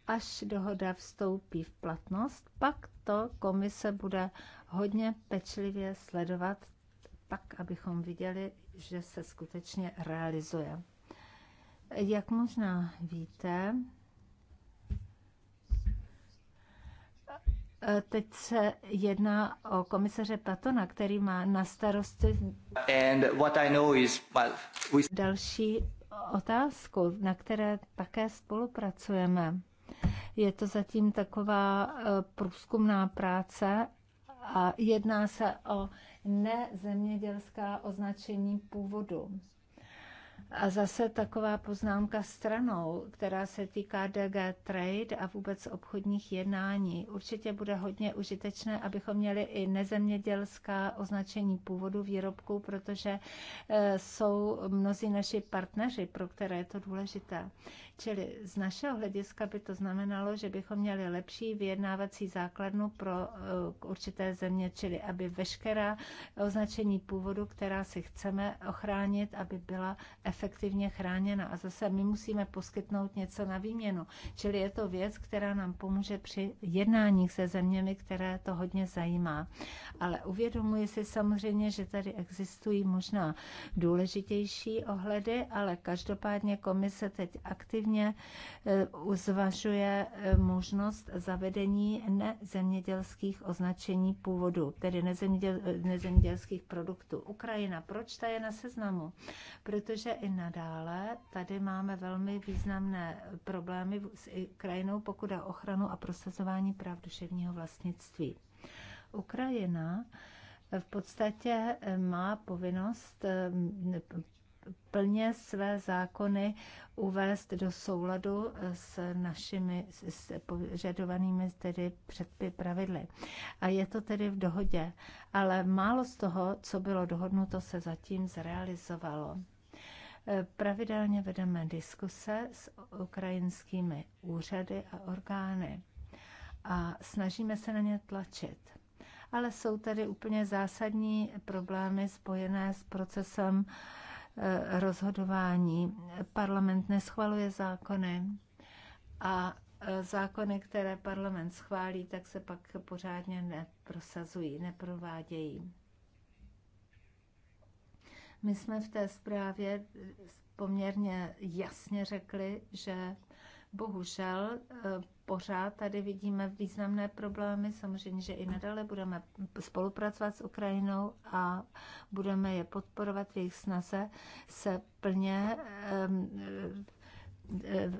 až dohoda vstoupí v platnost, pak to komise bude hodně pečlivě sledovat, tak abychom viděli, že se skutečně realizuje. Jak možná víte, Teď se jedná o komisaře Patona, který má na starosti is, well, we... další otázku, na které také spolupracujeme. Je to zatím taková eh, průzkumná práce a jedná se o nezemědělská označení původu. A zase taková poznámka stranou, která se týká DG Trade a vůbec obchodních jednání. Určitě bude hodně užitečné, abychom měli i nezemědělská označení původu výrobků, protože eh, jsou mnozí naši partneři, pro které je to důležité. Čili z našeho hlediska by to znamenalo, že bychom měli lepší vyjednávací základnu pro eh, určité země, čili aby veškerá označení původu, která si chceme ochránit, aby byla efektivně chráněna. A zase my musíme poskytnout něco na výměnu. Čili je to věc, která nám pomůže při jednáních se zeměmi, které to hodně zajímá. Ale uvědomuji si samozřejmě, že tady existují možná důležitější ohledy, ale každopádně komise teď aktivně současně eh, zvažuje eh, možnost zavedení nezemědělských označení původu, tedy nezeměděl, eh, nezemědělských produktů. Ukrajina, proč ta je na seznamu? Protože i nadále tady máme velmi významné problémy s krajinou, pokud je ochranu a prosazování práv duševního vlastnictví. Ukrajina v podstatě má povinnost plně své zákony uvést do souladu s našimi s požadovanými tedy předpy pravidly. A je to tedy v dohodě, ale málo z toho, co bylo dohodnuto, se zatím zrealizovalo. Pravidelně vedeme diskuse s ukrajinskými úřady a orgány a snažíme se na ně tlačit. Ale jsou tady úplně zásadní problémy spojené s procesem uh, Eh, rozhodování. Parlament neschvaluje zákony a eh, zákony, které parlament schválí, tak se pak pořádně neprosazují, neprovádějí. My jsme v té zprávě poměrně jasně řekli, že Bohužel eh, pořád tady vidíme významné problémy. Samozřejmě, že i nadále budeme spolupracovat s Ukrajinou a budeme je podporovat v jejich snaze se plně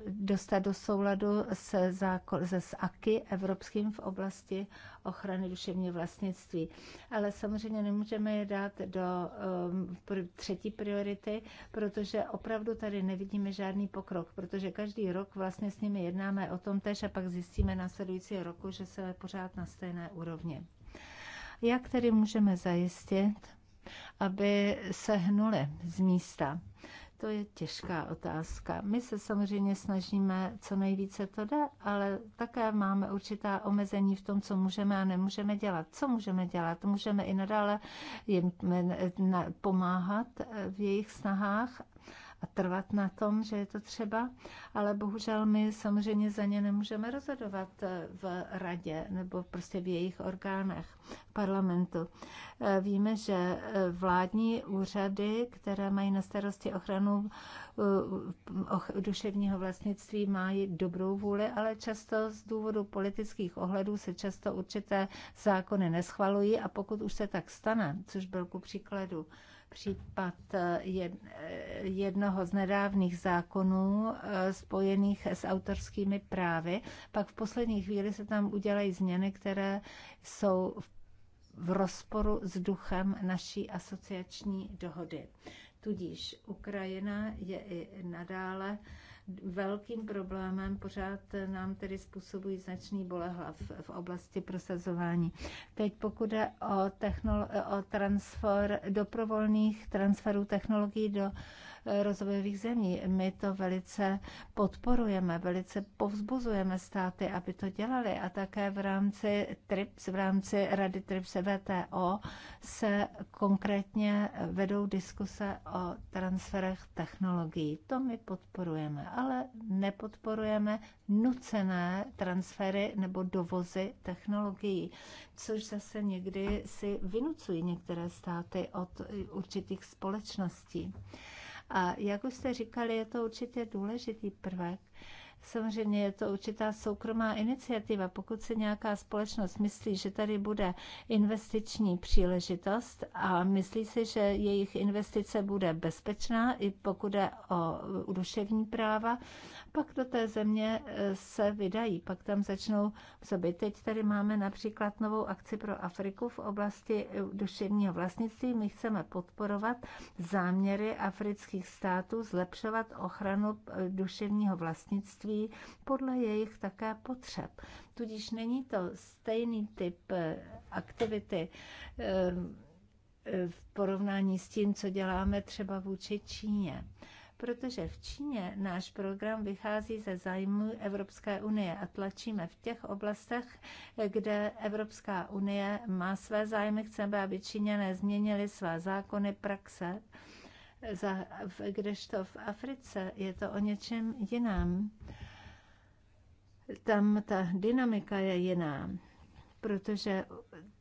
dostat do souladu se, zákon, se s AKY evropským v oblasti ochrany duševního vlastnictví. Ale samozřejmě nemůžeme je dát do um, třetí priority, protože opravdu tady nevidíme žádný pokrok, protože každý rok vlastně s nimi jednáme o tom tež a pak zjistíme následujícího roku, že se je pořád na stejné úrovni. Jak tedy můžeme zajistit, aby se hnuli z místa? To je těžká otázka. My se samozřejmě snažíme, co nejvíce to jde, ale také máme určitá omezení v tom, co můžeme a nemůžeme dělat. Co můžeme dělat? Můžeme i nadále jim pomáhat v jejich snahách a trvat na tom, že je to třeba, ale bohužel my samozřejmě za ně nemůžeme rozhodovat eh, v radě nebo prostě v jejich orgánech parlamentu. Eh, víme, že eh, vládní úřady, které mají na starosti ochranu duševního vlastnictví, mají dobrou vůli, ale často z důvodu politických ohledů se často určité zákony neschvalují a pokud už se tak stane, což byl ku příkladu, případ eh, eh, jednoho z nedávných zákonů eh, spojených s autorskými právy. Pak v poslední chvíli se tam udělají změny, které jsou v rozporu s duchem naší asociační dohody. Tudíž Ukrajina je i nadále uh, velkým problémem, pořád nám tedy způsobují značný bolehlav v oblasti prosazování. Teď pokud jde o, technolo- o transfer doprovolných transferů technologií do rozvojových zemí. My to velice podporujeme, velice povzbuzujeme státy, aby to dělali a také v rámci TRIPS, v rámci Rady TRIPS VTO se konkrétně vedou diskuse o transferech technologií. To my podporujeme, ale nepodporujeme nucené transfery nebo dovozy technologií, což zase někdy si vynucují některé státy od určitých společností. A jak už jste říkali, je to určitě důležitý prvek. Samozřejmě je to určitá soukromá iniciativa. Pokud se nějaká společnost myslí, že tady bude investiční příležitost a myslí si, že jejich investice bude bezpečná, i pokud je o uh, duševní práva pak do té země eh, se vydají, pak tam začnou působit. Teď tady máme například novou akci pro Afriku v oblasti eh, duševního vlastnictví. My chceme podporovat záměry afrických států zlepšovat ochranu eh, duševního vlastnictví podle jejich také potřeb. Tudíž není to stejný typ aktivity v porovnání s tím, co děláme třeba vůči Číně protože v Číně náš program vychází ze zájmu Evropské unie a tlačíme v těch oblastech, kde Evropská unie má své zájmy. Chceme, aby Číňané změnili své zákony, praxe, za, kdežto v Africe je to o něčem jiném. Tam ta dynamika je jiná, protože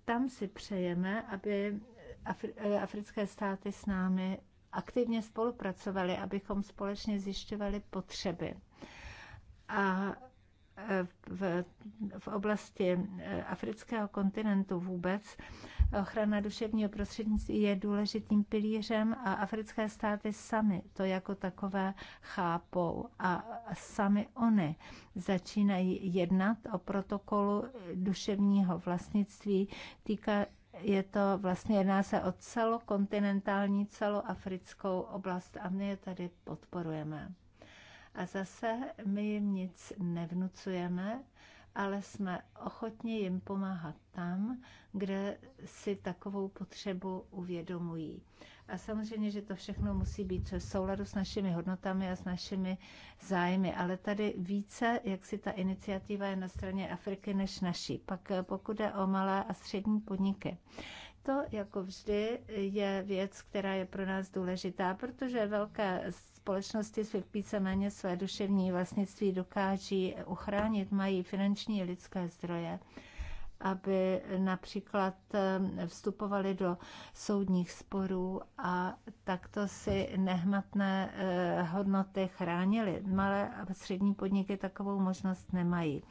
tam si přejeme, aby Afri- eh, africké státy s námi aktivně spolupracovali, abychom společně zjišťovali potřeby. A e, v, v oblasti e, afrického kontinentu vůbec. Ochrana duševního prostřednictví je důležitým pilířem a africké státy sami to jako takové chápou a sami oni začínají jednat o protokolu duševního vlastnictví týka, je to vlastně, jedná se o celokontinentální, celoafrickou oblast a my je tady podporujeme. A zase my jim nic nevnucujeme, ale jsme ochotni jim pomáhat tam, kde si takovou potřebu uvědomují. A samozřejmě, že to všechno musí být v souladu s našimi hodnotami a s našimi zájmy. Ale tady více, jak si ta iniciativa je na straně Afriky než naší. Pak eh, pokud je o malé a střední podniky. To, jako vždy, je věc, která je pro nás důležitá, protože velké společnosti si víceméně své duševní vlastnictví dokáží uchránit, mají finanční lidské zdroje aby například ehm, vstupovali do soudních sporů a takto si nehmatné eh, hodnoty chránili. Malé a střední podniky takovou možnost nemají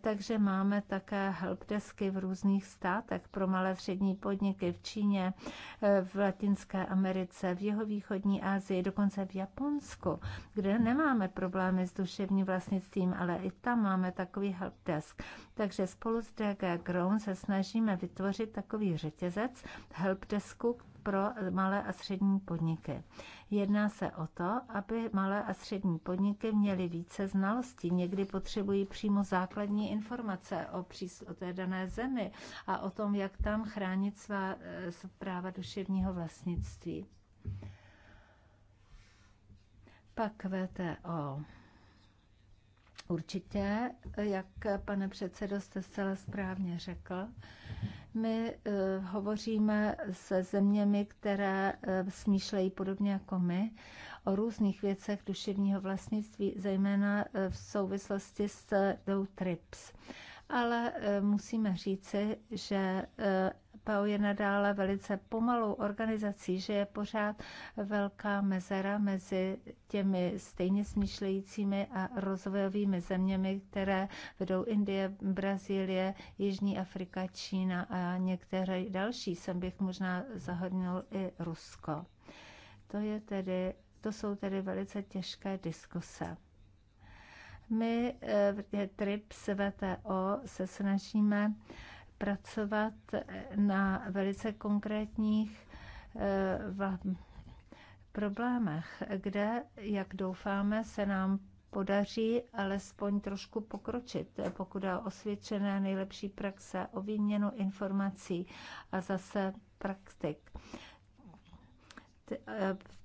takže máme také helpdesky v různých státech pro malé střední podniky v Číně, v Latinské Americe, v jihovýchodní Asii, dokonce v Japonsku, kde nemáme problémy s duševním vlastnictvím, ale i tam máme takový helpdesk. Takže spolu s DG Grown se snažíme vytvořit takový řetězec helpdesku, pro malé a střední podniky. Jedná se o to, aby malé a střední podniky měly více znalostí. Někdy potřebují přímo základní informace o, přís- o té dané zemi a o tom, jak tam chránit svá eh, práva duševního vlastnictví. Pak VTO. Určitě, jak pane předsedo jste zcela správně řekl, my eh, hovoříme se zeměmi, které eh, smýšlejí podobně jako my o různých věcech duševního vlastnictví, zejména eh, v souvislosti s tou TRIPS ale e, musíme říci, že e, PAO je nadále velice pomalou organizací, že je pořád velká mezera mezi těmi stejně smýšlejícími a rozvojovými zeměmi, které vedou Indie, Brazílie, Jižní Afrika, Čína a některé další. Sem bych možná zahodnil i Rusko. To, je tedy, to jsou tedy velice těžké diskuse. My eh, v TRIPS VTO se snažíme pracovat eh, na velice konkrétních eh, problémech, kde, jak doufáme, se nám podaří alespoň trošku pokročit, pokud je osvědčené nejlepší praxe, o výměnu informací a zase praktik.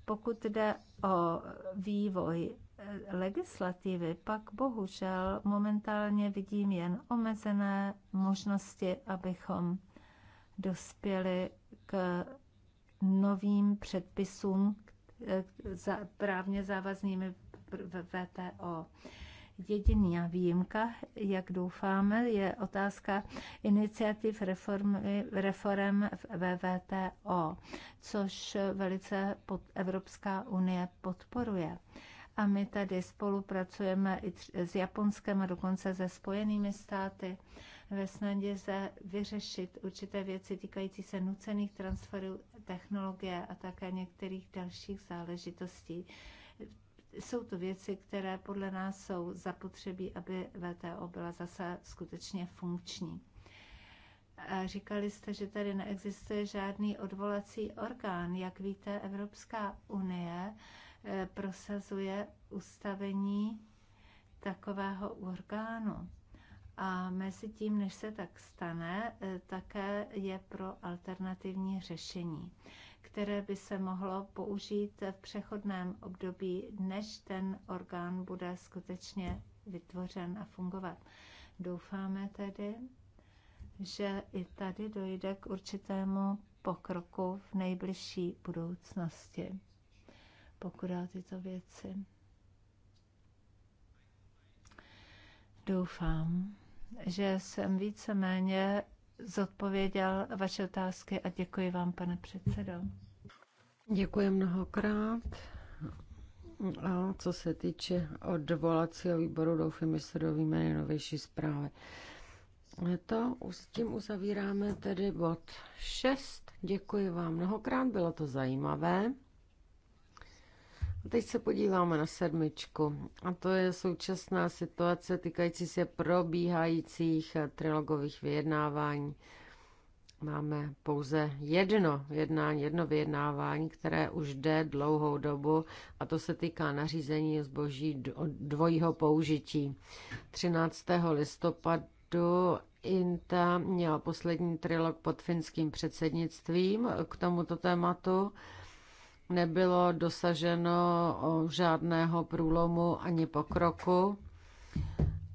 Pokud jde o vývoj legislativy pak bohužel momentálně vidím jen omezené možnosti, abychom dospěli k novým předpisům eh, za právně závaznými VTO. Jediná výjimka, jak doufáme, je otázka iniciativ reformy, reform v VTO, což velice pod Evropská unie podporuje a my tady spolupracujeme i s Japonskem a dokonce se Spojenými státy ve snadě se vyřešit určité věci týkající se nucených transferů technologie a také některých dalších záležitostí. Jsou to věci, které podle nás jsou zapotřebí, aby VTO byla zase skutečně funkční. A říkali jste, že tady neexistuje žádný odvolací orgán. Jak víte, Evropská unie Eh, prosazuje ustavení takového orgánu. A mezi tím, než se tak stane, eh, také je pro alternativní řešení, které by se mohlo použít v přechodném období, než ten orgán bude skutečně vytvořen a fungovat. Doufáme tedy, že i tady dojde k určitému pokroku v nejbližší budoucnosti pokud o tyto věci. Doufám, že jsem víceméně zodpověděl vaše otázky a děkuji vám, pane předsedo. Děkuji mnohokrát. A co se týče odvolacího výboru, doufám, že se dovíme nejnovější zprávy. To s tím uzavíráme tedy bod 6. Děkuji vám mnohokrát, bylo to zajímavé. A teď se podíváme na sedmičku. A to je současná situace týkající se probíhajících eh, trilogových vyjednávání. Máme pouze jedno jednání, jedno vyjednávání, které už jde dlouhou dobu a to se týká nařízení zboží dvojího použití. 13. listopadu INTA měla poslední trilog pod finským předsednictvím k tomuto tématu nebylo dosaženo žádného průlomu ani pokroku.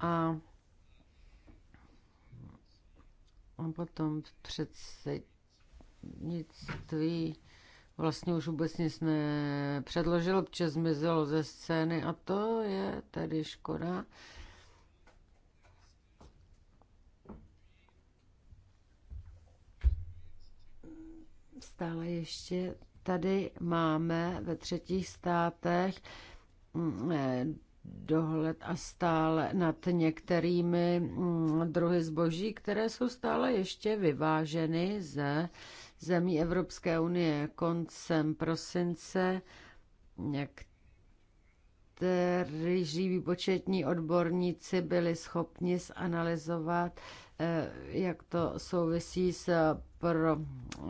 A a potom v předsednictví vlastně už vůbec nic nepředložil, protože zmizelo ze scény a to je tedy škoda. Stále ještě Tady máme ve třetích státech mm, eh, dohled a stále nad některými mm, druhy zboží, které jsou stále ještě vyváženy ze zemí Evropské unie. Koncem prosince někteří výpočetní odborníci byli schopni zanalizovat Eh, jak to souvisí s, eh, pro,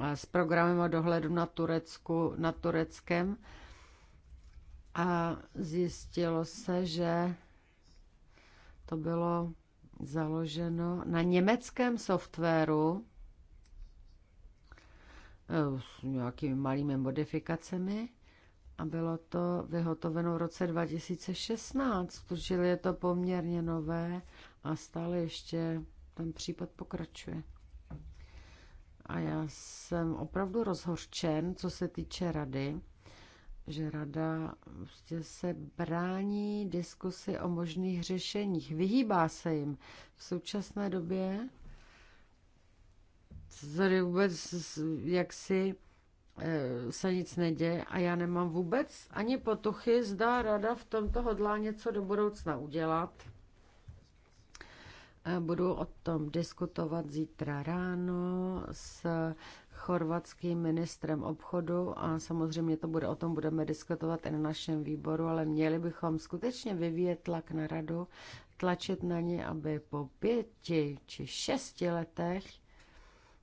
eh, s programem o dohledu na, Turecku, na Tureckem. A zjistilo se, že to bylo založeno na německém softwaru s nějakými malými modifikacemi a bylo to vyhotoveno v roce 2016, protože je to poměrně nové a stále ještě ten případ pokračuje. A já jsem opravdu rozhorčen, co se týče rady, že rada prostě se brání diskusy o možných řešeních, vyhýbá se jim. V současné době tady vůbec jaksi eh, se nic neděje a já nemám vůbec ani potuchy, zda rada v tomto hodlá něco do budoucna udělat. Budu o tom diskutovat zítra ráno s chorvatským ministrem obchodu a samozřejmě to bude, o tom budeme diskutovat i na našem výboru, ale měli bychom skutečně vyvíjet tlak na radu, tlačit na ně, aby po pěti či šesti letech,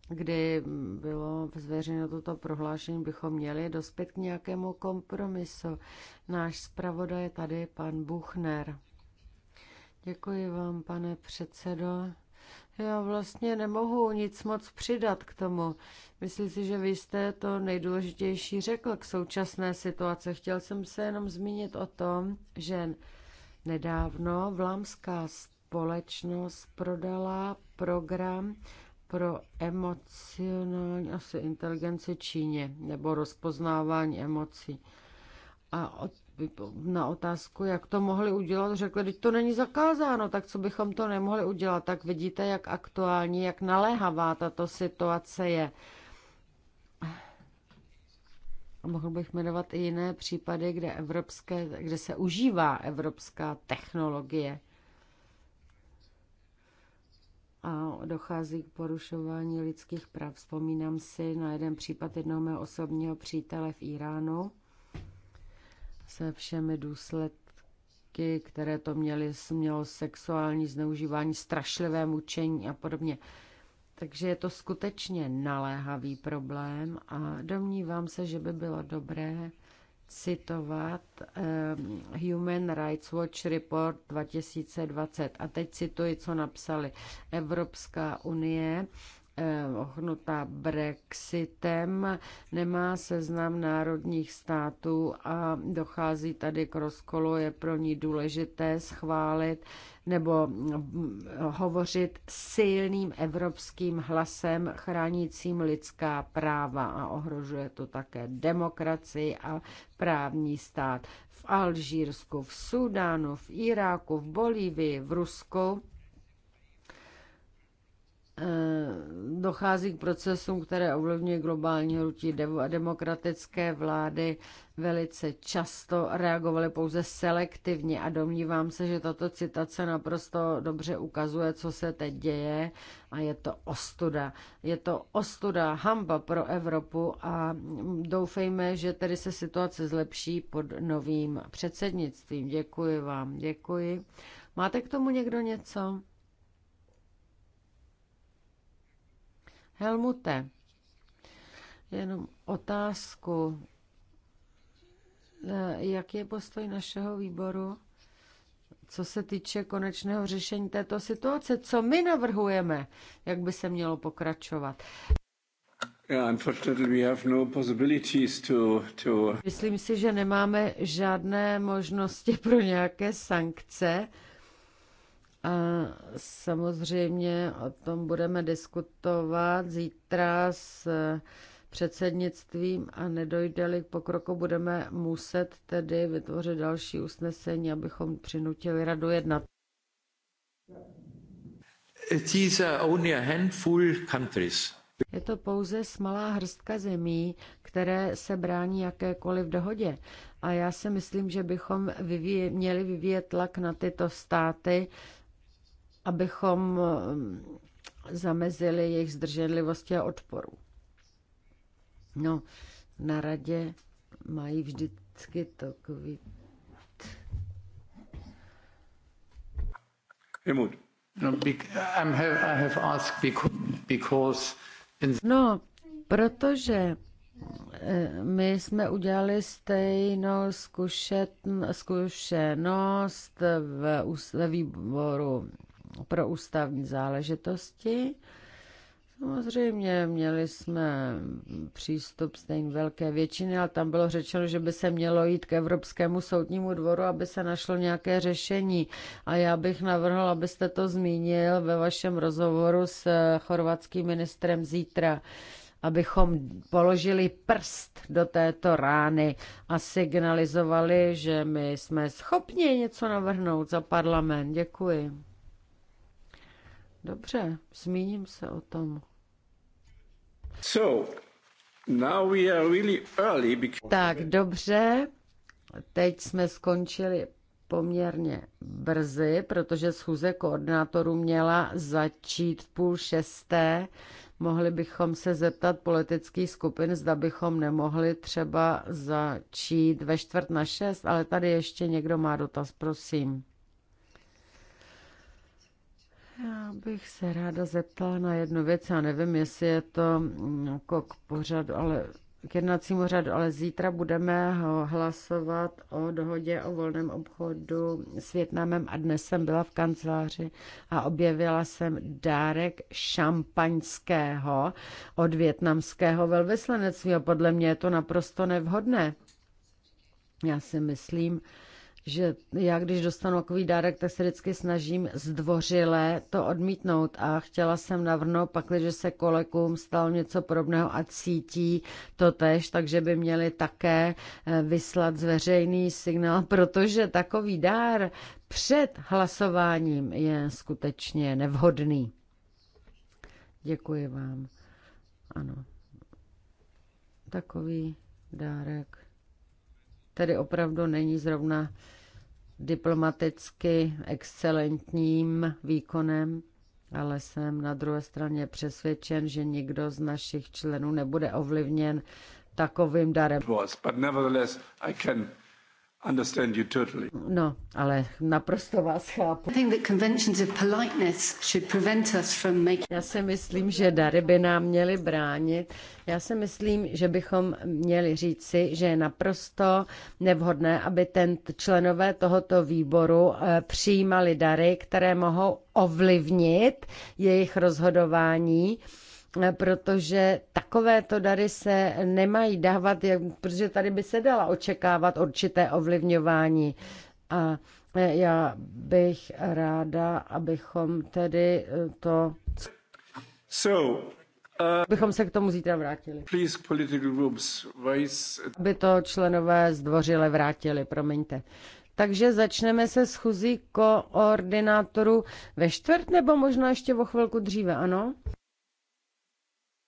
kdy bylo zveřejněno toto prohlášení, bychom měli dospět k nějakému kompromisu. Náš zpravodaj je tady pan Buchner. Děkuji vám, pane předsedo. Já vlastně nemohu nic moc přidat k tomu. Myslím si, že vy jste to nejdůležitější řekl k současné situaci. Chtěl jsem se jenom zmínit o tom, že nedávno vlámská společnost prodala program pro emocionální asi inteligenci Číně nebo rozpoznávání emocí. A od na otázku, jak to mohli udělat, řekli, teď to není zakázáno, tak co bychom to nemohli udělat. Tak vidíte, jak aktuální, jak naléhavá tato situace je. A mohl bych jmenovat i jiné případy, kde, evropské, kde se užívá evropská technologie. A dochází k porušování lidských práv. Vzpomínám si na jeden případ jednoho mého osobního přítele v Iránu, se všemi důsledky, které to měly, mělo sexuální zneužívání, strašlivé mučení a podobně. Takže je to skutečně naléhavý problém a domnívám se, že by bylo dobré citovat eh, Human Rights Watch Report 2020. A teď cituji, co napsali. Evropská unie Eh, ohnutá Brexitem, nemá seznam národních států a dochází tady k rozkolu, je pro ní důležité schválit nebo hovořit silným evropským hlasem chránícím lidská práva a ohrožuje to také demokracii a právní stát v Alžírsku, v Sudánu, v Iráku, v Bolívii, v Rusku Eh, dochází k procesům, které ovlivňují globální hnutí demokratické vlády velice často reagovaly pouze selektivně a domnívám se, že tato citace naprosto dobře ukazuje, co se teď děje a je to ostuda. Je to ostuda, hamba pro Evropu a doufejme, že tedy se situace zlepší pod novým předsednictvím. Děkuji vám, děkuji. Máte k tomu někdo něco? Helmute, jenom otázku. Eh, jak je postoj našeho výboru, co se týče konečného řešení této situace? Co my navrhujeme, jak by se mělo pokračovat? No Myslím si, že nemáme žádné možnosti pro nějaké sankce. A samozřejmě o tom budeme diskutovat zítra s eh, předsednictvím a nedojde-li k pokroku, budeme muset tedy vytvořit další usnesení, abychom přinutili radu jednat. Eh, Je to pouze smalá hrstka zemí, které se brání jakékoliv dohodě. A já si myslím, že bychom vyvíje, měli vyvíjet tlak na tyto státy, abychom eh, zamezili jejich zdrženlivosti a odporu. No, na radě mají vždycky takový... Imut. No, no, protože eh, my jsme udělali stejnou zkušet, zkušenost ve, ve výboru pro ústavní záležitosti. Samozřejmě měli jsme přístup stejně velké většiny, ale tam bylo řečeno, že by se mělo jít k Evropskému soudnímu dvoru, aby se našlo nějaké řešení. A já bych navrhl, abyste to zmínil ve vašem rozhovoru s chorvatským ministrem zítra, abychom položili prst do této rány a signalizovali, že my jsme schopni něco navrhnout za parlament. Děkuji. Dobře, zmíním se o tom. So, now we are really early because... Tak, dobře. Teď jsme skončili poměrně brzy, protože schůze koordinátorů měla začít v půl šesté. Mohli bychom se zeptat politických skupin, zda bychom nemohli třeba začít ve čtvrt na šest, ale tady ještě někdo má dotaz, prosím. Já bych se ráda zeptala na jednu věc, já nevím, jestli je to mm, jako k pořadu, ale k jednacímu řadu, ale zítra budeme hlasovat o dohodě o volném obchodu s Větnamem a dnes jsem byla v kanceláři a objevila jsem dárek šampaňského od větnamského velvyslanectví a podle mě je to naprosto nevhodné. Já si myslím, že já, když dostanu takový dárek, tak se vždycky snažím zdvořile to odmítnout a chtěla jsem navrhnout pak, když se kolegům stalo něco podobného a cítí to tež, takže by měli také eh, vyslat zveřejný signál, protože takový dár před hlasováním je skutečně nevhodný. Děkuji vám. Ano. Takový dárek tedy opravdu není zrovna diplomaticky excelentním výkonem, ale jsem na druhé straně přesvědčen, že nikdo z našich členů nebude ovlivněn takovým darem understand you totally. No, ale naprosto vás chápu. I think that conventions of politeness should prevent us from making... Já si myslím, že dary by nám měly bránit. Já si myslím, že bychom měli říci, že je naprosto nevhodné, aby ten členové tohoto výboru eh, přijímali dary, které mohou ovlivnit jejich rozhodování protože takovéto dary se nemají dávat, protože tady by se dala očekávat určité ovlivňování. A e, já bych ráda, abychom tedy e, to... So, uh, bychom se k tomu zítra vrátili. Please, political groups, vice... Aby to členové zdvořile vrátili, promiňte. Takže začneme se schůzí koordinátoru ve čtvrt nebo možná ještě o chvilku dříve, ano?